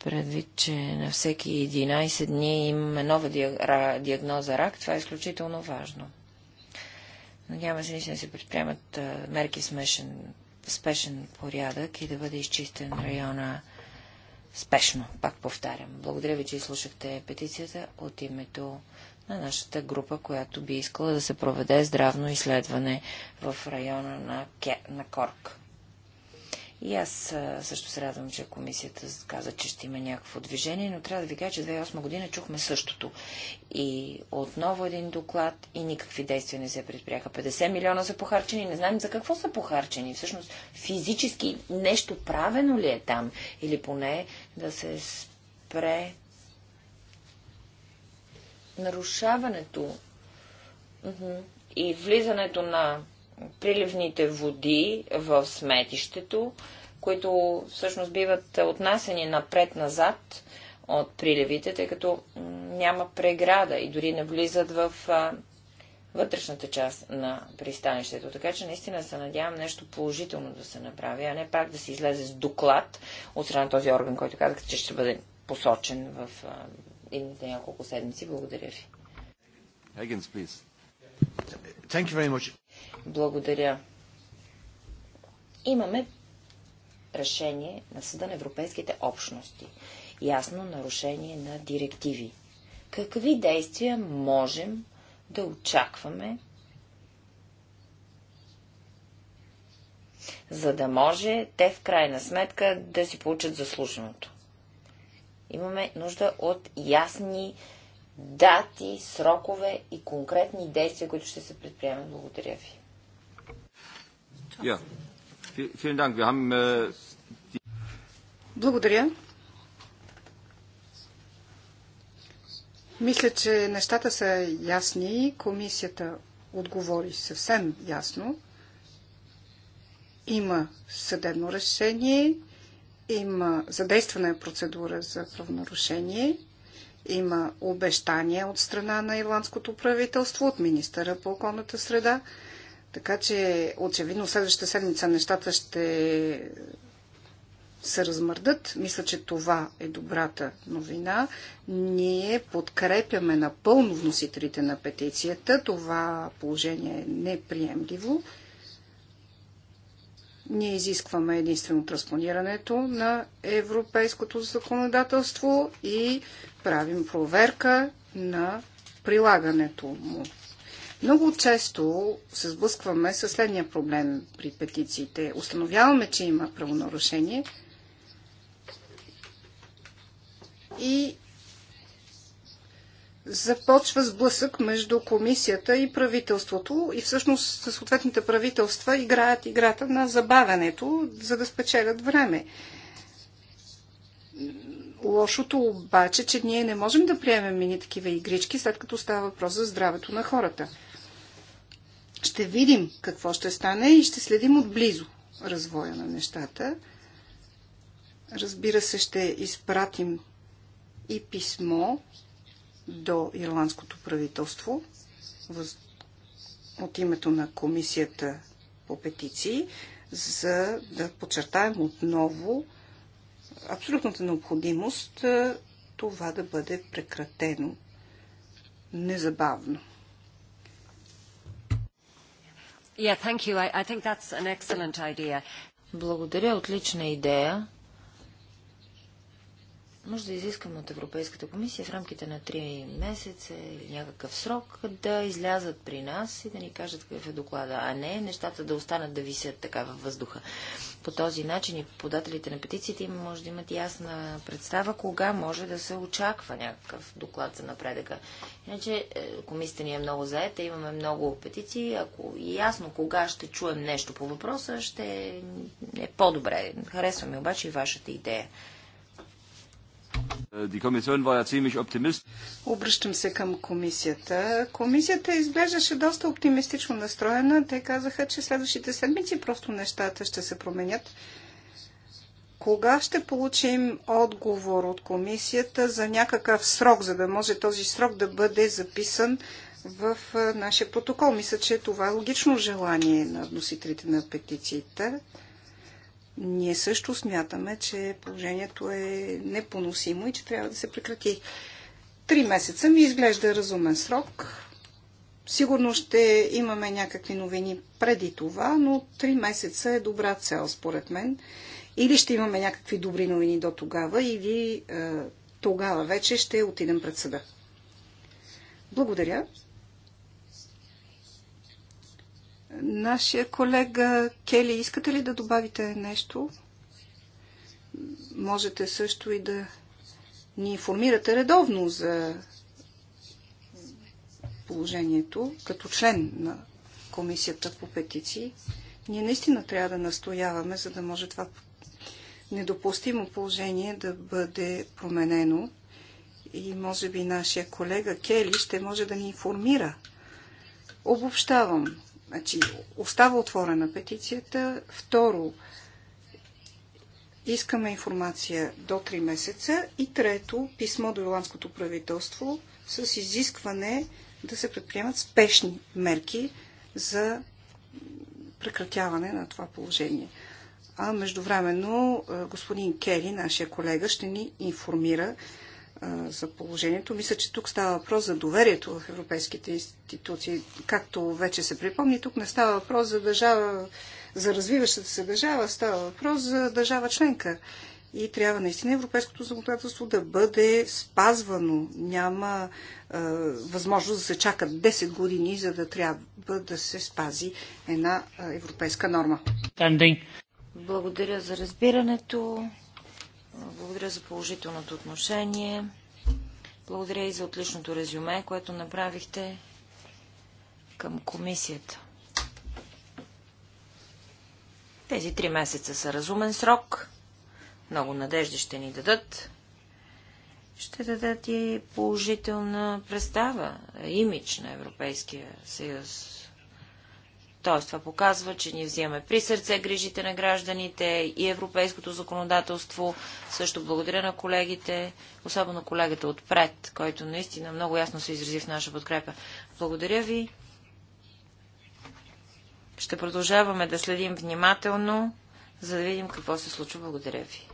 предвид, че на всеки 11 дни имаме нова диагноза рак, това е изключително важно. Надяваме се, наистина се предприемат мерки смешен спешен порядък и да бъде изчистен района спешно, пак повтарям. Благодаря ви, че изслушахте петицията от името на нашата група, която би искала да се проведе здравно изследване в района на, Ке... на Корк. И аз също се радвам, че комисията каза, че ще има някакво движение, но трябва да ви кажа, че 2008 година чухме същото. И отново един доклад и никакви действия не се предприяха. 50 милиона са похарчени, не знаем за какво са похарчени. Всъщност физически нещо правено ли е там? Или поне да се спре нарушаването и влизането на приливните води в сметището, които всъщност биват отнасени напред-назад от приливите, тъй като няма преграда и дори не влизат в вътрешната част на пристанището. Така че наистина се надявам нещо положително да се направи, а не пак да се излезе с доклад от страна на този орган, който казах, че ще бъде посочен в едните няколко седмици. Благодаря ви. Higgins, please. Thank you very much. Благодаря. Имаме решение на Съда на Европейските общности. Ясно нарушение на директиви. Какви действия можем да очакваме, за да може те в крайна сметка да си получат заслуженото? Имаме нужда от ясни дати, срокове и конкретни действия, които ще се предприемат. Благодаря ви. Äh, Благодаря. Мисля, че нещата са ясни. Комисията отговори съвсем ясно. Има съдебно решение, има задействана е процедура за правонарушение, има обещания от страна на ирландското правителство, от министъра по околната среда. Така че, очевидно, следващата седмица нещата ще се размърдат. Мисля, че това е добрата новина. Ние подкрепяме напълно вносителите на петицията. Това положение е неприемливо. Ние изискваме единствено транспонирането на европейското законодателство и правим проверка на прилагането му. Много често се сблъскваме с следния проблем при петициите. Установяваме, че има правонарушение и започва сблъсък между комисията и правителството и всъщност съответните правителства играят играта на забавянето, за да спечелят време. Лошото обаче, че ние не можем да приемем мини такива игрички, след като става въпрос за здравето на хората. Ще видим какво ще стане и ще следим отблизо развоя на нещата. Разбира се, ще изпратим и писмо до ирландското правителство от името на комисията по петиции, за да подчертаем отново абсолютната необходимост това да бъде прекратено незабавно. Yeah, thank you. I, I think that's an excellent idea. Благодаря, отлична идея може да изискам от Европейската комисия в рамките на 3 месеца или някакъв срок да излязат при нас и да ни кажат какъв е доклада, а не нещата да останат да висят така във въздуха. По този начин и подателите на петициите им може да имат ясна представа кога може да се очаква някакъв доклад за напредъка. Иначе е, комисията ни е много заета, имаме много петиции. Ако и е ясно кога ще чуем нещо по въпроса, ще е по-добре. Харесваме обаче и вашата идея. Обръщам се към комисията. Комисията изглеждаше доста оптимистично настроена. Те казаха, че следващите седмици просто нещата ще се променят. Кога ще получим отговор от комисията за някакъв срок, за да може този срок да бъде записан в нашия протокол? Мисля, че това е логично желание на носителите на петициите. Ние също смятаме, че положението е непоносимо и че трябва да се прекрати. Три месеца ми изглежда разумен срок. Сигурно ще имаме някакви новини преди това, но три месеца е добра цел, според мен. Или ще имаме някакви добри новини до тогава, или е, тогава вече ще отидем пред съда. Благодаря. Нашия колега Кели, искате ли да добавите нещо? Можете също и да ни информирате редовно за положението като член на Комисията по петиции. Ние наистина трябва да настояваме, за да може това недопустимо положение да бъде променено и може би нашия колега Кели ще може да ни информира. Обобщавам. Значи, остава отворена петицията. Второ, искаме информация до 3 месеца. И трето, писмо до ирландското правителство с изискване да се предприемат спешни мерки за прекратяване на това положение. А междувременно е, господин Кели, нашия колега, ще ни информира за положението. Мисля, че тук става въпрос за доверието в европейските институции. Както вече се припомни, тук не става въпрос за държава, за развиващата се държава, става въпрос за държава членка. И трябва наистина европейското законодателство да бъде спазвано. Няма е, възможност да се чакат 10 години, за да трябва да се спази една европейска норма. Благодаря за разбирането. Благодаря за положителното отношение. Благодаря и за отличното резюме, което направихте към комисията. Тези три месеца са разумен срок. Много надежди ще ни дадат. Ще дадат и положителна представа, имидж на Европейския съюз Тоест, това показва, че ние взимаме при сърце грижите на гражданите и европейското законодателство. Също благодаря на колегите, особено колегата отпред, който наистина много ясно се изрази в наша подкрепа. Благодаря ви. Ще продължаваме да следим внимателно, за да видим какво се случва. Благодаря ви.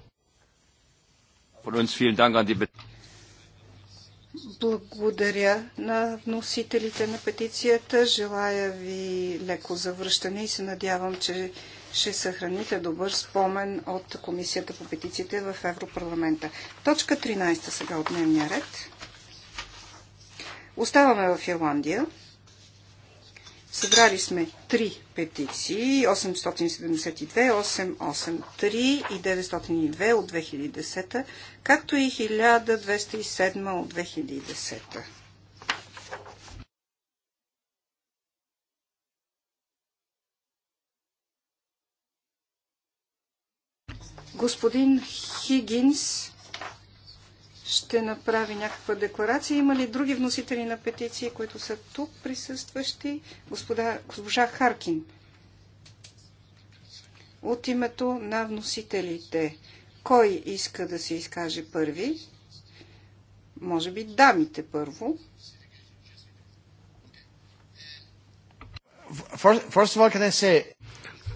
Благодаря на вносителите на петицията. Желая ви леко завръщане и се надявам, че ще съхраните добър спомен от Комисията по петициите в Европарламента. Точка 13 сега от дневния ред. Оставаме в Ирландия. Събрали сме три петиции 872, 883 и 902 от 2010, както и 1207 от 2010. Господин Хигинс ще направи някаква декларация. Има ли други вносители на петиции, които са тук присъстващи? Господа, госпожа Харкин. От името на вносителите. Кой иска да се изкаже първи? Може би дамите първо. First, of all, can I say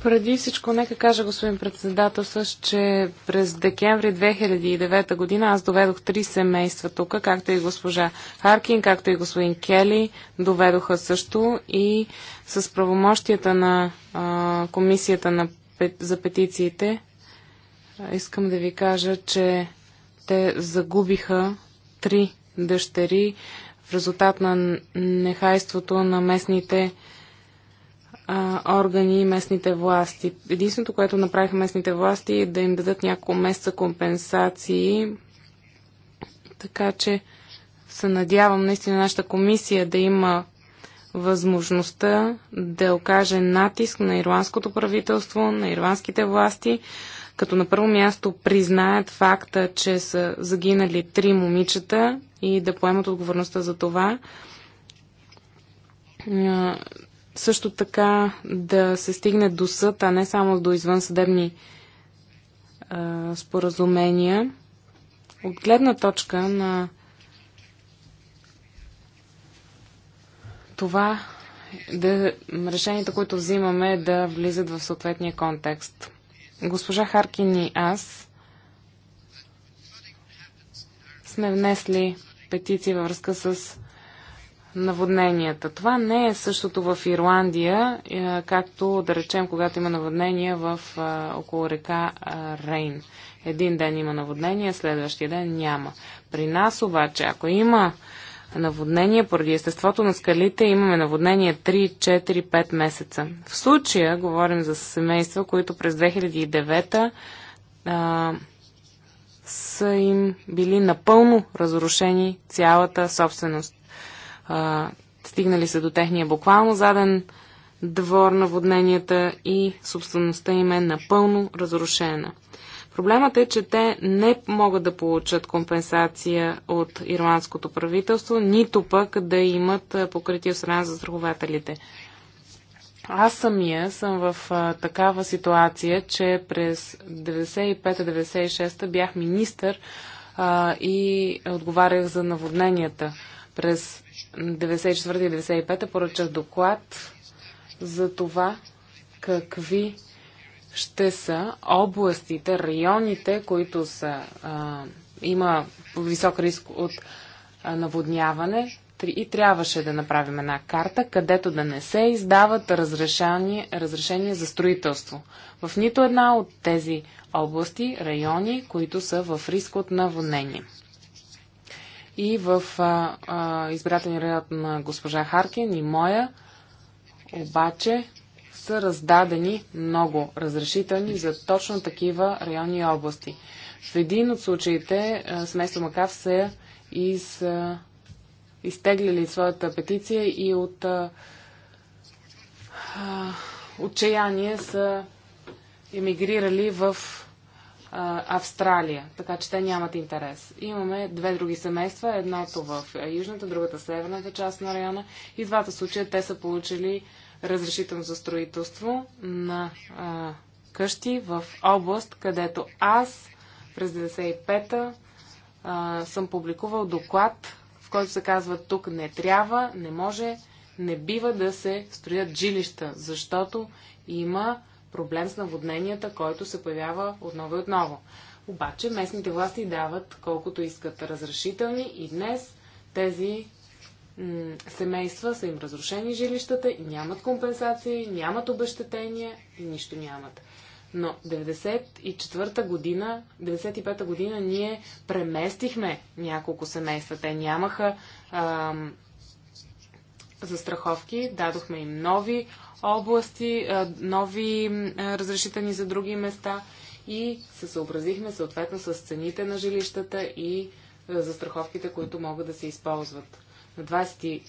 преди всичко, нека кажа, господин председател, че през декември 2009 година аз доведох три семейства тук, както и госпожа Харкин, както и господин Кели, доведоха също и с правомощията на а, комисията на, за петициите, искам да ви кажа, че те загубиха три дъщери в резултат на нехайството на местните а, органи и местните власти. Единственото, което направиха местните власти е да им дадат няколко месеца компенсации, така че се надявам наистина нашата комисия да има възможността да окаже натиск на ирландското правителство, на ирландските власти, като на първо място признаят факта, че са загинали три момичета и да поемат отговорността за това също така да се стигне до съд, а не само до извънсъдебни споразумения. От гледна точка на това да, решенията, които взимаме, да влизат в съответния контекст. Госпожа Харкин и аз сме внесли петиции във връзка с наводненията. Това не е същото в Ирландия, е, както да речем, когато има наводнения в, е, около река е, Рейн. Един ден има наводнение, следващия ден няма. При нас обаче, ако има наводнение поради естеството на скалите, имаме наводнение 3, 4, 5 месеца. В случая говорим за семейства, които през 2009 а, са им били напълно разрушени цялата собственост а, стигнали се до техния буквално заден двор на водненията и собствеността им е напълно разрушена. Проблемът е, че те не могат да получат компенсация от ирландското правителство, нито пък да имат покритие от страна за страхователите. Аз самия съм в а, такава ситуация, че през 95-96 бях министър а, и отговарях за наводненията. През 94-95 поръчах доклад за това какви ще са областите, районите, които са, а, има висок риск от а, наводняване и трябваше да направим една карта, където да не се издават разрешения, разрешения за строителство. В нито една от тези области, райони, които са в риск от наводнение и в а, а, избирателния ред на госпожа Харкин и моя, обаче са раздадени много разрешителни за точно такива районни области. В един от случаите семейство Макав се из, а, изтеглили своята петиция и от а, отчаяние са емигрирали в Австралия, така че те нямат интерес. Имаме две други семейства, едното в южната, другата в северната част на района и двата случая те са получили разрешително за строителство на а, къщи в област, където аз през 95-та съм публикувал доклад, в който се казва тук не трябва, не може, не бива да се строят жилища, защото има проблем с наводненията, който се появява отново и отново. Обаче местните власти дават колкото искат разрешителни и днес тези семейства са им разрушени жилищата, и нямат компенсации, нямат обещетения, и нищо нямат. Но 94-та година, 95-та година ние преместихме няколко семейства. Те нямаха ам, застраховки, дадохме им нови области, нови разрешителни за други места и се съобразихме съответно с цените на жилищата и застраховките, които могат да се използват. На 25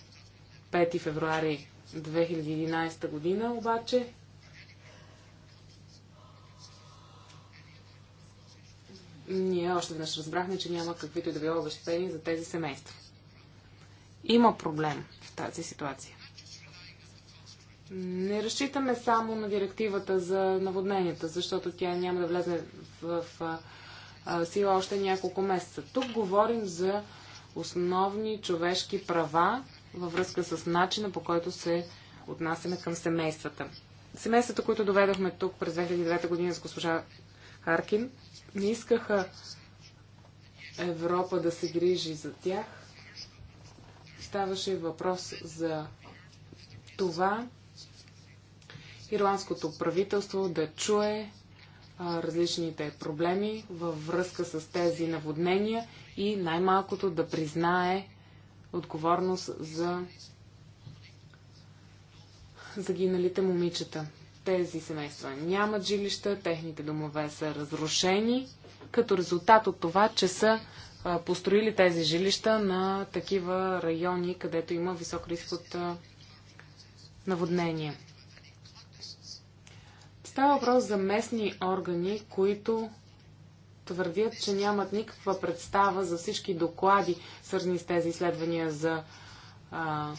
февруари 2011 година обаче ние още веднъж разбрахме, че няма каквито и да било обещания за тези семейства. Има проблем в тази ситуация. Не разчитаме само на директивата за наводненията, защото тя няма да влезе в, в сила още няколко месеца. Тук говорим за основни човешки права във връзка с начина по който се отнасяме към семействата. Семействата, които доведохме тук през 2009 година с госпожа Харкин, не искаха Европа да се грижи за тях. Ставаше въпрос за това ирландското правителство да чуе а, различните проблеми във връзка с тези наводнения и най-малкото да признае отговорност за загиналите момичета. Тези семейства нямат жилища, техните домове са разрушени, като резултат от това, че са построили тези жилища на такива райони, където има висок риск от наводнения. наводнение. Става въпрос за местни органи, които твърдят, че нямат никаква представа за всички доклади, свързани с тези изследвания за а,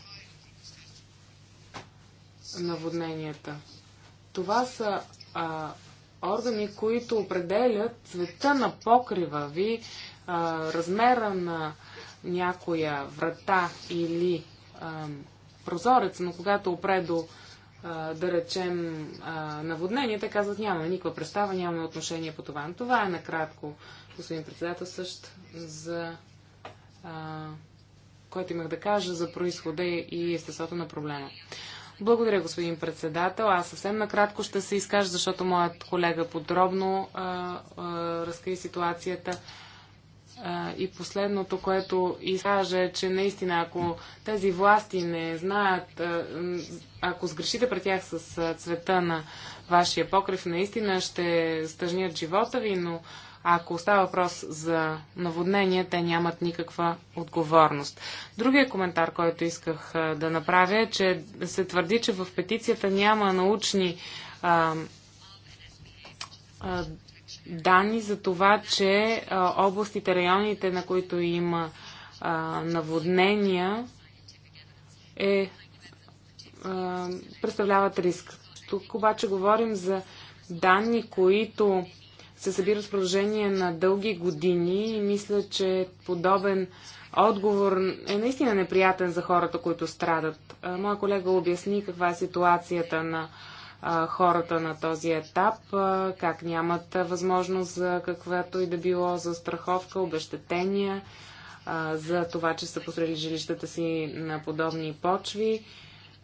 наводненията. Това са а, органи, които определят цвета на покрива ви, а, размера на някоя врата или а, прозорец, но когато опре до да речем, а, наводнение, те казват нямаме никаква представа, нямаме отношение по това. Но това е накратко, господин председател, също за което имах да кажа за происхода и естеството на проблема. Благодаря, господин председател. Аз съвсем накратко ще се изкажа, защото моят колега подробно а, а, разкри ситуацията и последното, което изкаже, е, че наистина, ако тези власти не знаят, ако сгрешите пред тях с цвета на вашия покрив, наистина ще стъжнят живота ви, но ако става въпрос за наводнение, те нямат никаква отговорност. Другия коментар, който исках да направя е, че се твърди, че в петицията няма научни а, а, данни за това, че а, областите, районите, на които има а, наводнения, е, а, представляват риск. Тук обаче говорим за данни, които се събират в продължение на дълги години и мисля, че подобен отговор е наистина неприятен за хората, които страдат. Моя колега обясни каква е ситуацията на хората на този етап, как нямат възможност за каквато и да било за страховка, обещетения, за това, че са посрели жилищата си на подобни почви.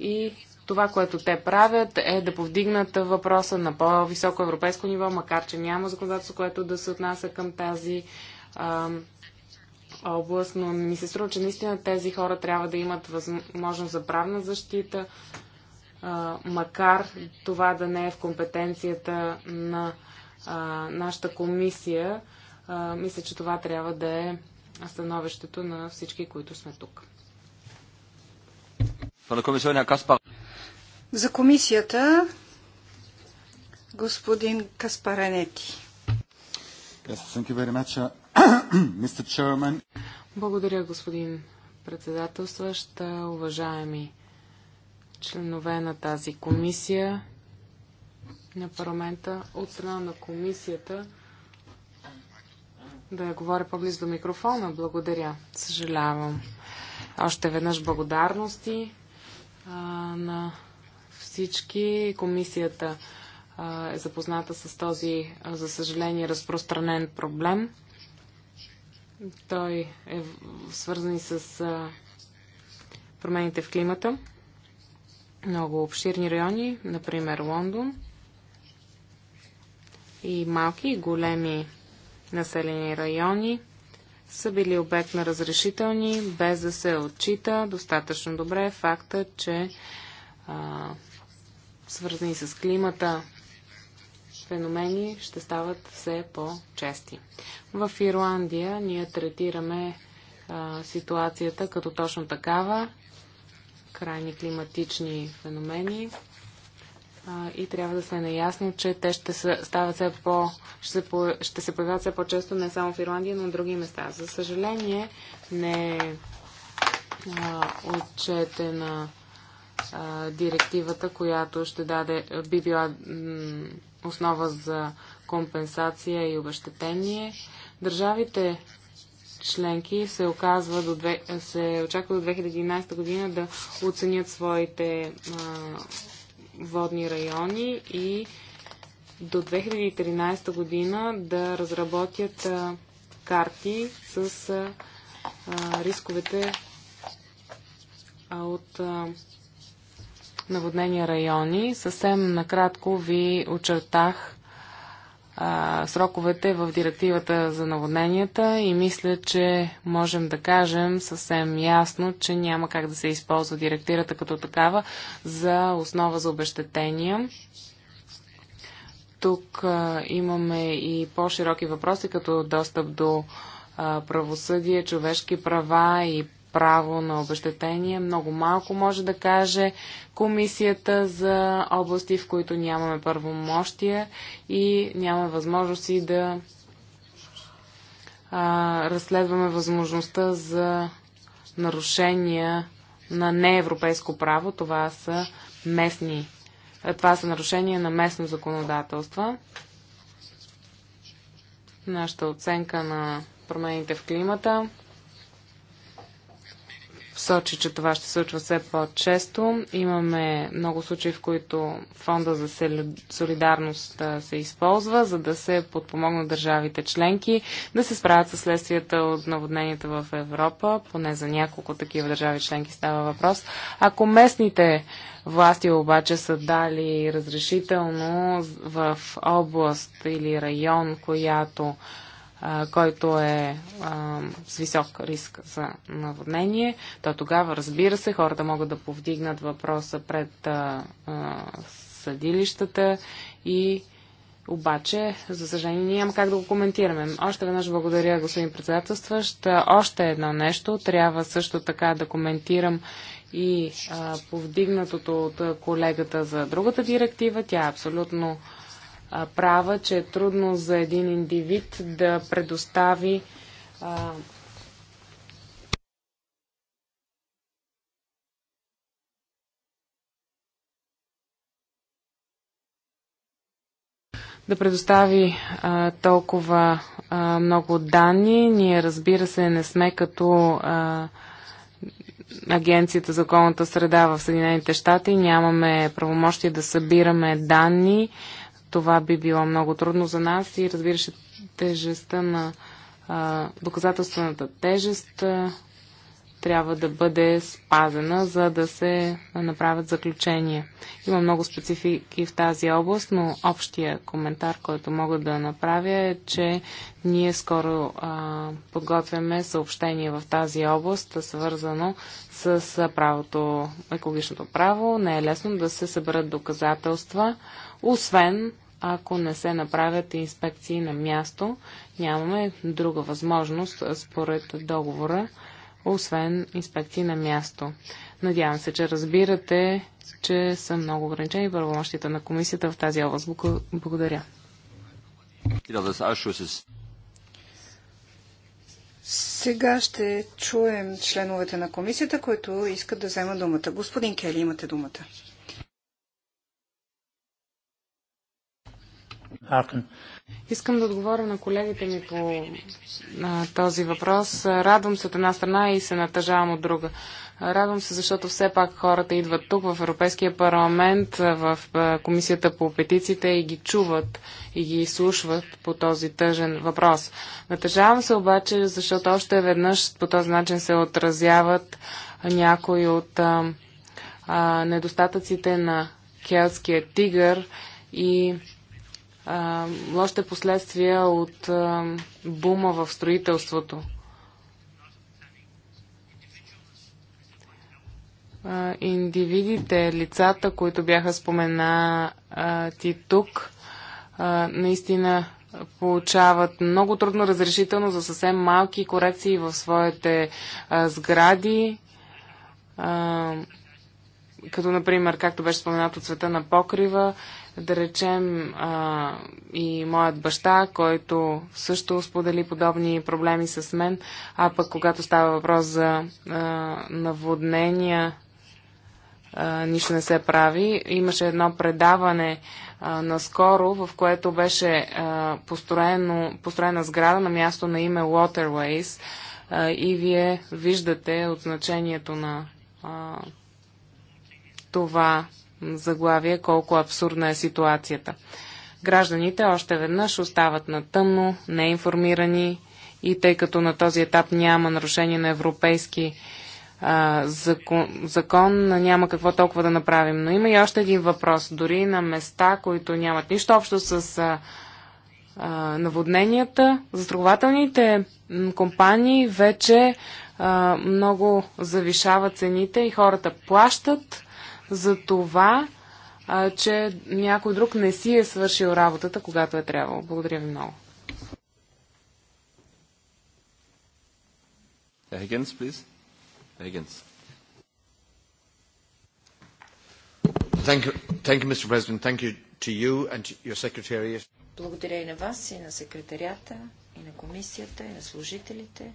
И това, което те правят е да повдигнат въпроса на по-високо европейско ниво, макар че няма законодателство, което да се отнася към тази област, но ми се струва, че наистина тези хора трябва да имат възможност за правна защита, макар това да не е в компетенцията на нашата комисия, мисля, че това трябва да е становището на всички, които сме тук. За комисията господин Каспаренети. Uh, Благодаря, господин председателстващ, уважаеми членове на тази комисия на парламента от страна на комисията да я говоря по-близо до микрофона. Благодаря. Съжалявам. Още веднъж благодарности а, на всички. Комисията а, е запозната с този, а, за съжаление, разпространен проблем. Той е свързан и с а, промените в климата много обширни райони, например Лондон, и малки и големи населени райони са били обект на разрешителни, без да се отчита достатъчно добре факта, че а, свързани с климата феномени ще стават все по-чести. В Ирландия ние третираме а, ситуацията като точно такава крайни климатични феномени а, и трябва да сме наясни, че те ще стават все по, ще се, по, ще се появяват все по-често не само в Ирландия, но и други места. За съжаление, не е отчетена а, директивата, която ще даде, би била основа за компенсация и обещетение. Държавите членки се, оказва до две, се очаква до 2011 година да оценят своите а, водни райони и до 2013 година да разработят а, карти с а, рисковете от а, наводнения райони. Съвсем накратко ви очертах а, сроковете в директивата за наводненията и мисля, че можем да кажем съвсем ясно, че няма как да се използва директивата като такава за основа за обещетения. Тук а, имаме и по-широки въпроси, като достъп до а, правосъдие, човешки права и право на обещетение. Много малко може да каже комисията за области, в които нямаме първомощия и нямаме възможности да а, разследваме възможността за нарушения на неевропейско право. Това са местни. Това са нарушения на местно законодателство. Нашата оценка на промените в климата сочи, че това ще се случва все по-често. Имаме много случаи, в които фонда за солидарност се използва, за да се подпомогнат държавите членки да се справят с следствията от наводненията в Европа. Поне за няколко такива държави членки става въпрос. Ако местните власти обаче са дали разрешително в област или район, която който е а, с висок риск за наводнение, то тогава, разбира се, хората могат да повдигнат въпроса пред а, а, съдилищата и обаче, за съжаление, няма как да го коментираме. Още веднъж благодаря, господин председателстващ. Още едно нещо. Трябва също така да коментирам и а, повдигнатото от колегата за другата директива. Тя е абсолютно права, че е трудно за един индивид да предостави а, да предостави а, толкова а, много данни. Ние, разбира се, не сме като а, Агенцията за околната среда в Съединените щати. Нямаме правомощие да събираме данни това би било много трудно за нас и разбира се тежестта на а, доказателствената тежест а, трябва да бъде спазена, за да се направят заключения. Има много специфики в тази област, но общия коментар, който мога да направя е, че ние скоро а, подготвяме съобщение в тази област, свързано с правото, екологичното право. Не е лесно да се съберат доказателства. А, освен ако не се направят инспекции на място, нямаме друга възможност според договора, освен инспекции на място. Надявам се, че разбирате, че са много ограничени правомощите на комисията в тази област. Благодаря. Сега ще чуем членовете на комисията, които искат да вземат думата. Господин Кели, имате думата. Искам да отговоря на колегите ми по на този въпрос. Радвам се от една страна и се натъжавам от друга. Радвам се, защото все пак хората идват тук в Европейския парламент, в Комисията по петициите и ги чуват и ги изслушват по този тъжен въпрос. Натъжавам се обаче, защото още веднъж по този начин се отразяват някои от а, а, недостатъците на келтския тигър и лошите последствия от а, бума в строителството. А, индивидите, лицата, които бяха споменати тук, а, наистина получават много трудно разрешително за съвсем малки корекции в своите а, сгради. А, като, например, както беше споменато, цвета на покрива да речем, а, и моят баща, който също сподели подобни проблеми с мен, а пък когато става въпрос за а, наводнения, а, нищо не се прави. Имаше едно предаване а, наскоро, в което беше а, построено, построена сграда на място на име Waterways а, и вие виждате от значението на а, това заглавие колко абсурдна е ситуацията. Гражданите още веднъж остават на тъмно, неинформирани и тъй като на този етап няма нарушение на европейски а, закон, закон, няма какво толкова да направим. Но има и още един въпрос. Дори на места, които нямат нищо общо с а, а, наводненията, застрахователните компании вече а, много завишават цените и хората плащат за това, а, че някой друг не си е свършил работата, когато е трябвало. Благодаря ви много. Herr please. Thank you, thank you, Mr. President. Thank you to you and to your Благодаря и на вас, и на секретарията, и на комисията, и на служителите.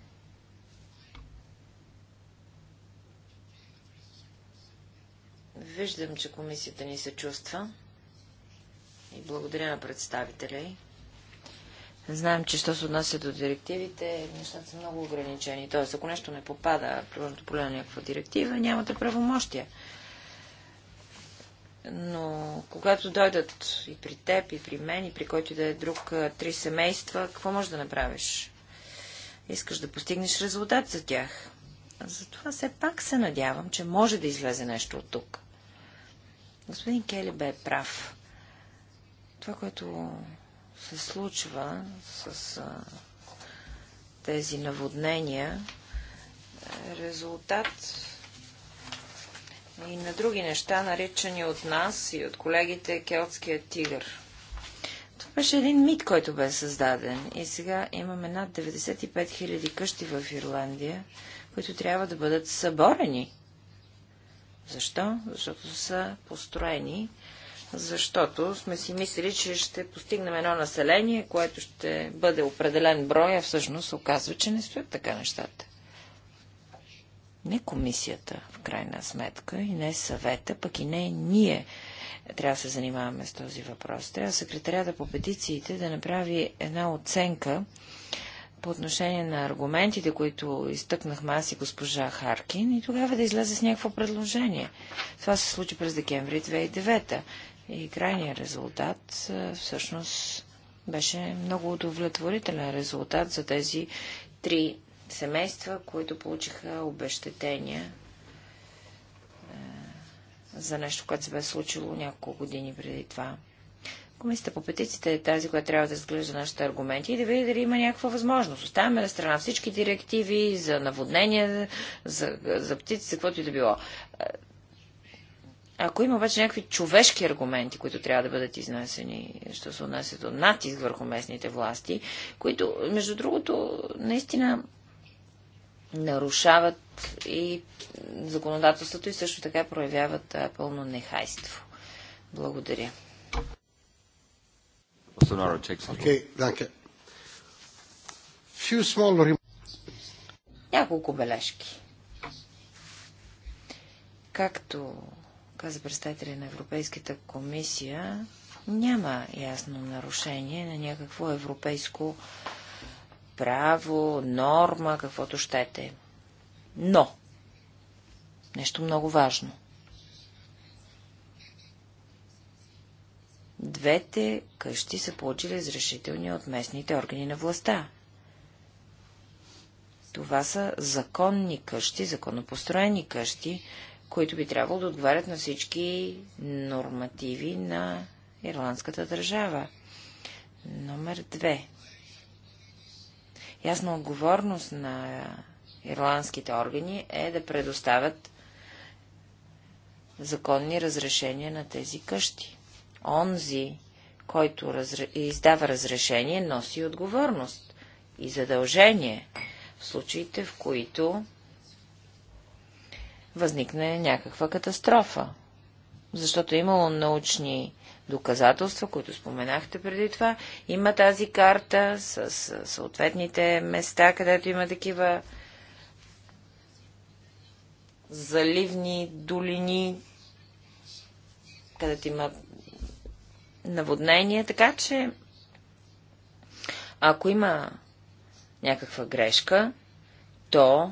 Виждам, че комисията ни се чувства и благодаря на представителя й. Знаем, че що се отнася до директивите, нещата са много ограничени. Т.е. ако нещо не попада в поле на някаква директива, нямате правомощия. Но когато дойдат и при теб, и при мен, и при който да е друг три семейства, какво можеш да направиш? Искаш да постигнеш резултат за тях. Затова все пак се надявам, че може да излезе нещо от тук. Господин Кели бе прав. Това, което се случва с а, тези наводнения, е резултат и на други неща, наричани от нас и от колегите Келтския тигър. Това беше един мит, който бе създаден. И сега имаме над 95 000 къщи в Ирландия, които трябва да бъдат съборени. Защо? Защото са построени, защото сме си мислили, че ще постигнем едно население, което ще бъде определен брой, а всъщност оказва, че не стоят така нещата. Не комисията, в крайна сметка, и не съвета, пък и не ние трябва да се занимаваме с този въпрос. Трябва секретарята по петициите да направи една оценка по отношение на аргументите, които изтъкнахме аз и госпожа Харкин, и тогава да излезе с някакво предложение. Това се случи през декември 2009 и крайният резултат всъщност беше много удовлетворителен резултат за тези три семейства, които получиха обещетения за нещо, което се бе случило няколко години преди това. Комисията по петициите е тази, която трябва да изглежда нашите аргументи и да види дали има някаква възможност. Оставяме на страна всички директиви за наводнение, за, за птици, за каквото и да било. Ако има обаче някакви човешки аргументи, които трябва да бъдат изнесени, що се отнася до натиск върху местните власти, които, между другото, наистина нарушават и законодателството и също така проявяват пълно нехайство. Благодаря takes okay, Few small Няколко бележки. Както каза представителя на Европейската комисия, няма ясно нарушение на някакво европейско право, норма, каквото щете. Но, нещо много важно. Двете къщи са получили разрешителни от местните органи на властта. Това са законни къщи, законопостроени къщи, които би трябвало да отговарят на всички нормативи на ирландската държава. Номер две. Ясна отговорност на ирландските органи е да предоставят законни разрешения на тези къщи онзи, който разре... издава разрешение, носи отговорност и задължение в случаите, в които възникне някаква катастрофа. Защото е имало научни доказателства, които споменахте преди това. Има тази карта с съответните места, където има такива заливни долини, където има наводнения, така че ако има някаква грешка, то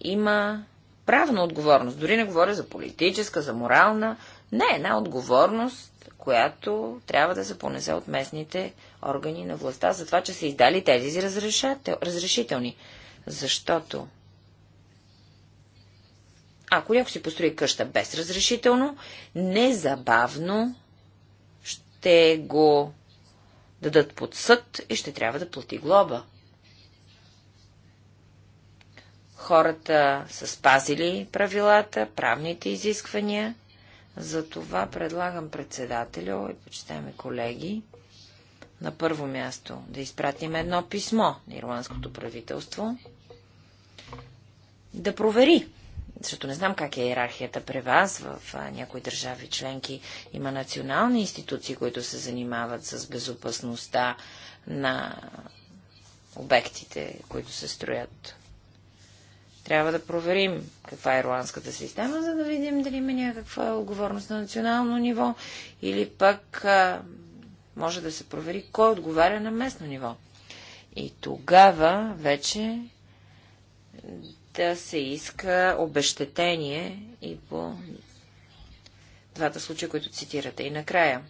има правна отговорност. Дори не говоря за политическа, за морална. Не, една отговорност, която трябва да се понесе от местните органи на властта за това, че са издали тези разрешителни. Защото ако някой си построи къща без разрешително, незабавно ще го дадат под съд и ще трябва да плати глоба. Хората са спазили правилата, правните изисквания. Затова предлагам председателю и почитаме колеги на първо място да изпратим едно писмо на ирландското правителство да провери защото не знам как е иерархията при вас, в а, някои държави членки има национални институции, които се занимават с безопасността на обектите, които се строят. Трябва да проверим каква е ирландската система, за да видим дали има някаква отговорност на национално ниво или пък а, може да се провери кой е отговаря на местно ниво. И тогава вече да се иска обещетение и по двата случая, които цитирате. И накрая.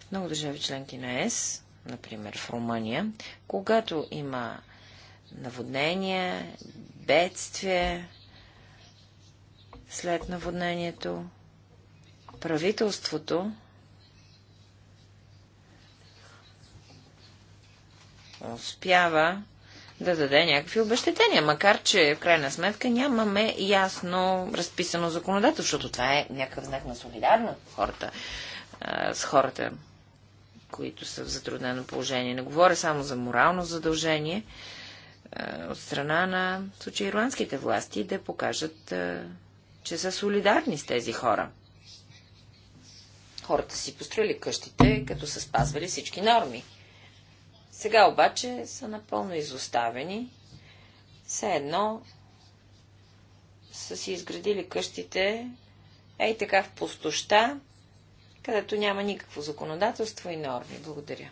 В много държави членки на ЕС, например в Румъния, когато има наводнение, бедствие след наводнението, правителството успява да даде някакви обещетения, макар че в крайна сметка нямаме ясно разписано законодателство, защото това е някакъв знак на солидарност хората, а, с хората, които са в затруднено положение. Не говоря само за морално задължение а, от страна на случай ирландските власти да покажат, а, че са солидарни с тези хора. Хората си построили къщите, като са спазвали всички норми. Сега обаче са напълно изоставени. Все едно са си изградили къщите ей така в пустоща, където няма никакво законодателство и норми. Благодаря.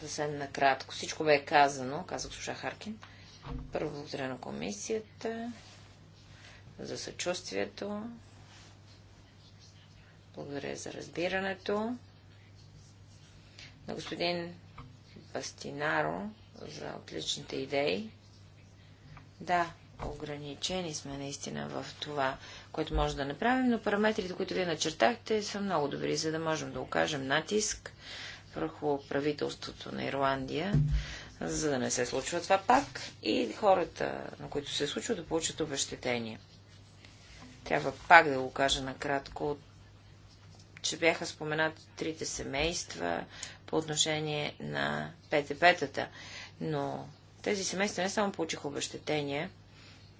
Съвсем накратко. Всичко бе казано, казах Суша Харкин. Първо благодаря на комисията за съчувствието. Благодаря за разбирането. На господин Бастинаро за отличните идеи. Да, ограничени сме наистина в това, което може да направим, но параметрите, които вие начертахте, са много добри, за да можем да окажем натиск върху правителството на Ирландия, за да не се случва това пак и хората, на които се случва, да получат обещетение. Трябва пак да го кажа накратко от че бяха споменати трите семейства по отношение на ПТП-тата, но тези семейства не само получиха обещетения,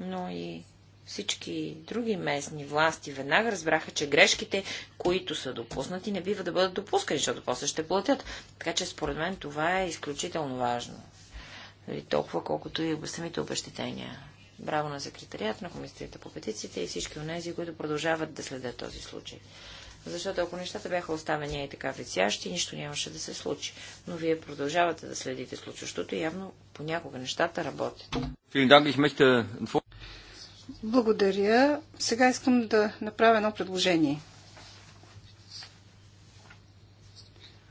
но и всички други местни власти веднага разбраха, че грешките, които са допуснати, не бива да бъдат допускани, защото после ще платят. Така че според мен това е изключително важно. И нали, толкова колкото и самите обещетения. Браво на секретарията, на комисията по петициите и всички от тези, които продължават да следят този случай. Защото ако нещата бяха оставени и така висящи, нищо нямаше да се случи. Но вие продължавате да следите случващото и явно понякога нещата работят. Благодаря. Сега искам да направя едно предложение.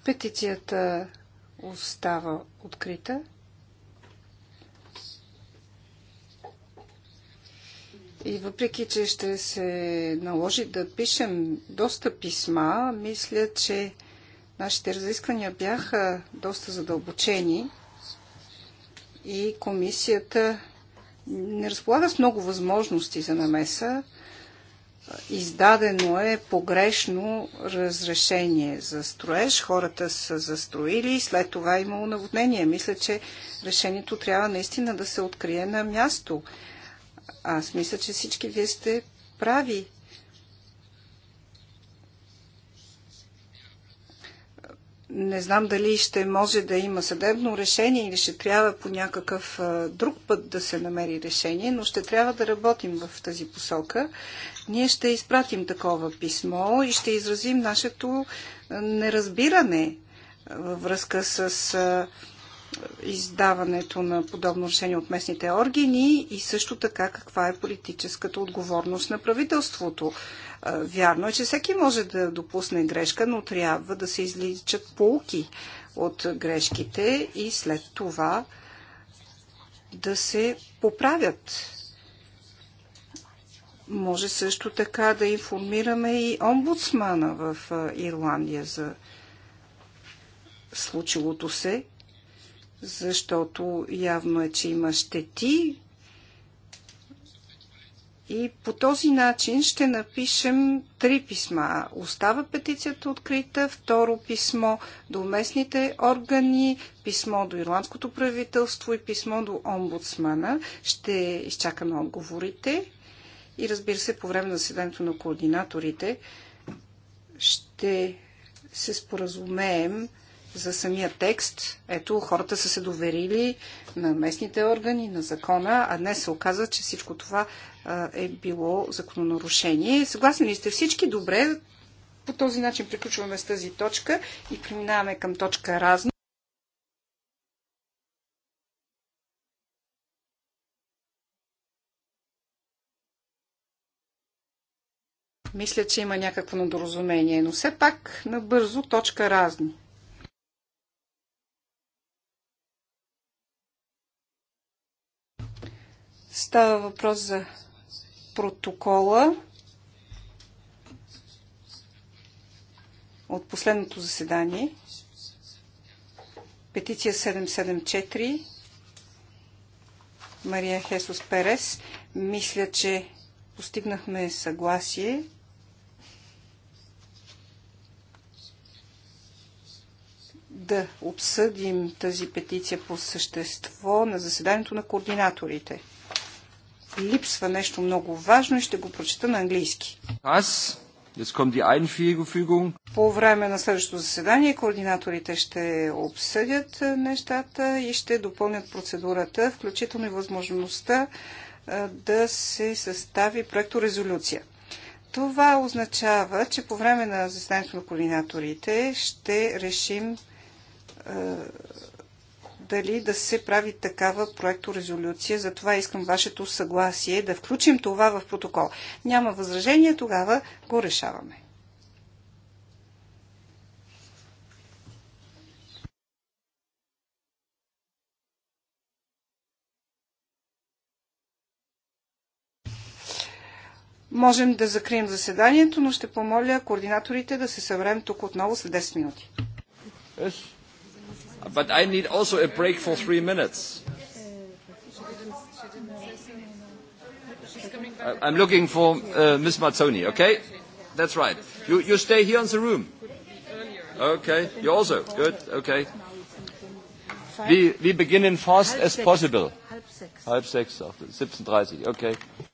Петицията остава открита. И въпреки, че ще се наложи да пишем доста писма, мисля, че нашите разисквания бяха доста задълбочени и комисията не разполага с много възможности за намеса. Издадено е погрешно разрешение за строеж. Хората са застроили и след това е имало наводнение. Мисля, че решението трябва наистина да се открие на място. Аз мисля, че всички вие сте прави. Не знам дали ще може да има съдебно решение или ще трябва по някакъв друг път да се намери решение, но ще трябва да работим в тази посока. Ние ще изпратим такова писмо и ще изразим нашето неразбиране във връзка с издаването на подобно решение от местните органи и също така каква е политическата отговорност на правителството. Вярно е, че всеки може да допусне грешка, но трябва да се изличат полки от грешките и след това да се поправят. Може също така да информираме и омбудсмана в Ирландия за случилото се защото явно е, че има щети. И по този начин ще напишем три писма. Остава петицията открита, второ писмо до местните органи, писмо до ирландското правителство и писмо до омбудсмана. Ще изчакаме отговорите и разбира се, по време на заседанието на координаторите ще се споразумеем за самия текст. Ето, хората са се доверили на местните органи, на закона, а днес се оказа, че всичко това а, е било закононарушение. Съгласни ли сте всички? Добре. По този начин приключваме с тази точка и преминаваме към точка разно. Мисля, че има някакво недоразумение, но все пак набързо точка разни. Става въпрос за протокола от последното заседание. Петиция 774 Мария Хесус Перес. Мисля, че постигнахме съгласие. да обсъдим тази петиция по същество на заседанието на координаторите – липсва нещо много важно и ще го прочета на английски. Аз по време на следващото заседание координаторите ще обсъдят е, нещата и ще допълнят процедурата, включително и възможността е, да се състави резолюция. Това означава, че по време на заседанието на координаторите ще решим е, дали да се прави такава проекторезолюция. Затова искам вашето съгласие да включим това в протокол. Няма възражение, тогава го решаваме. Можем да закрием заседанието, но ще помоля координаторите да се съберем тук отново след 10 минути. But I need also a break for three minutes. I'm looking for uh, Miss Mazzoni, okay? That's right. You, you stay here in the room. Okay, you also. Good, okay. We, we begin in fast as possible. Halb sechs after 17.30, okay.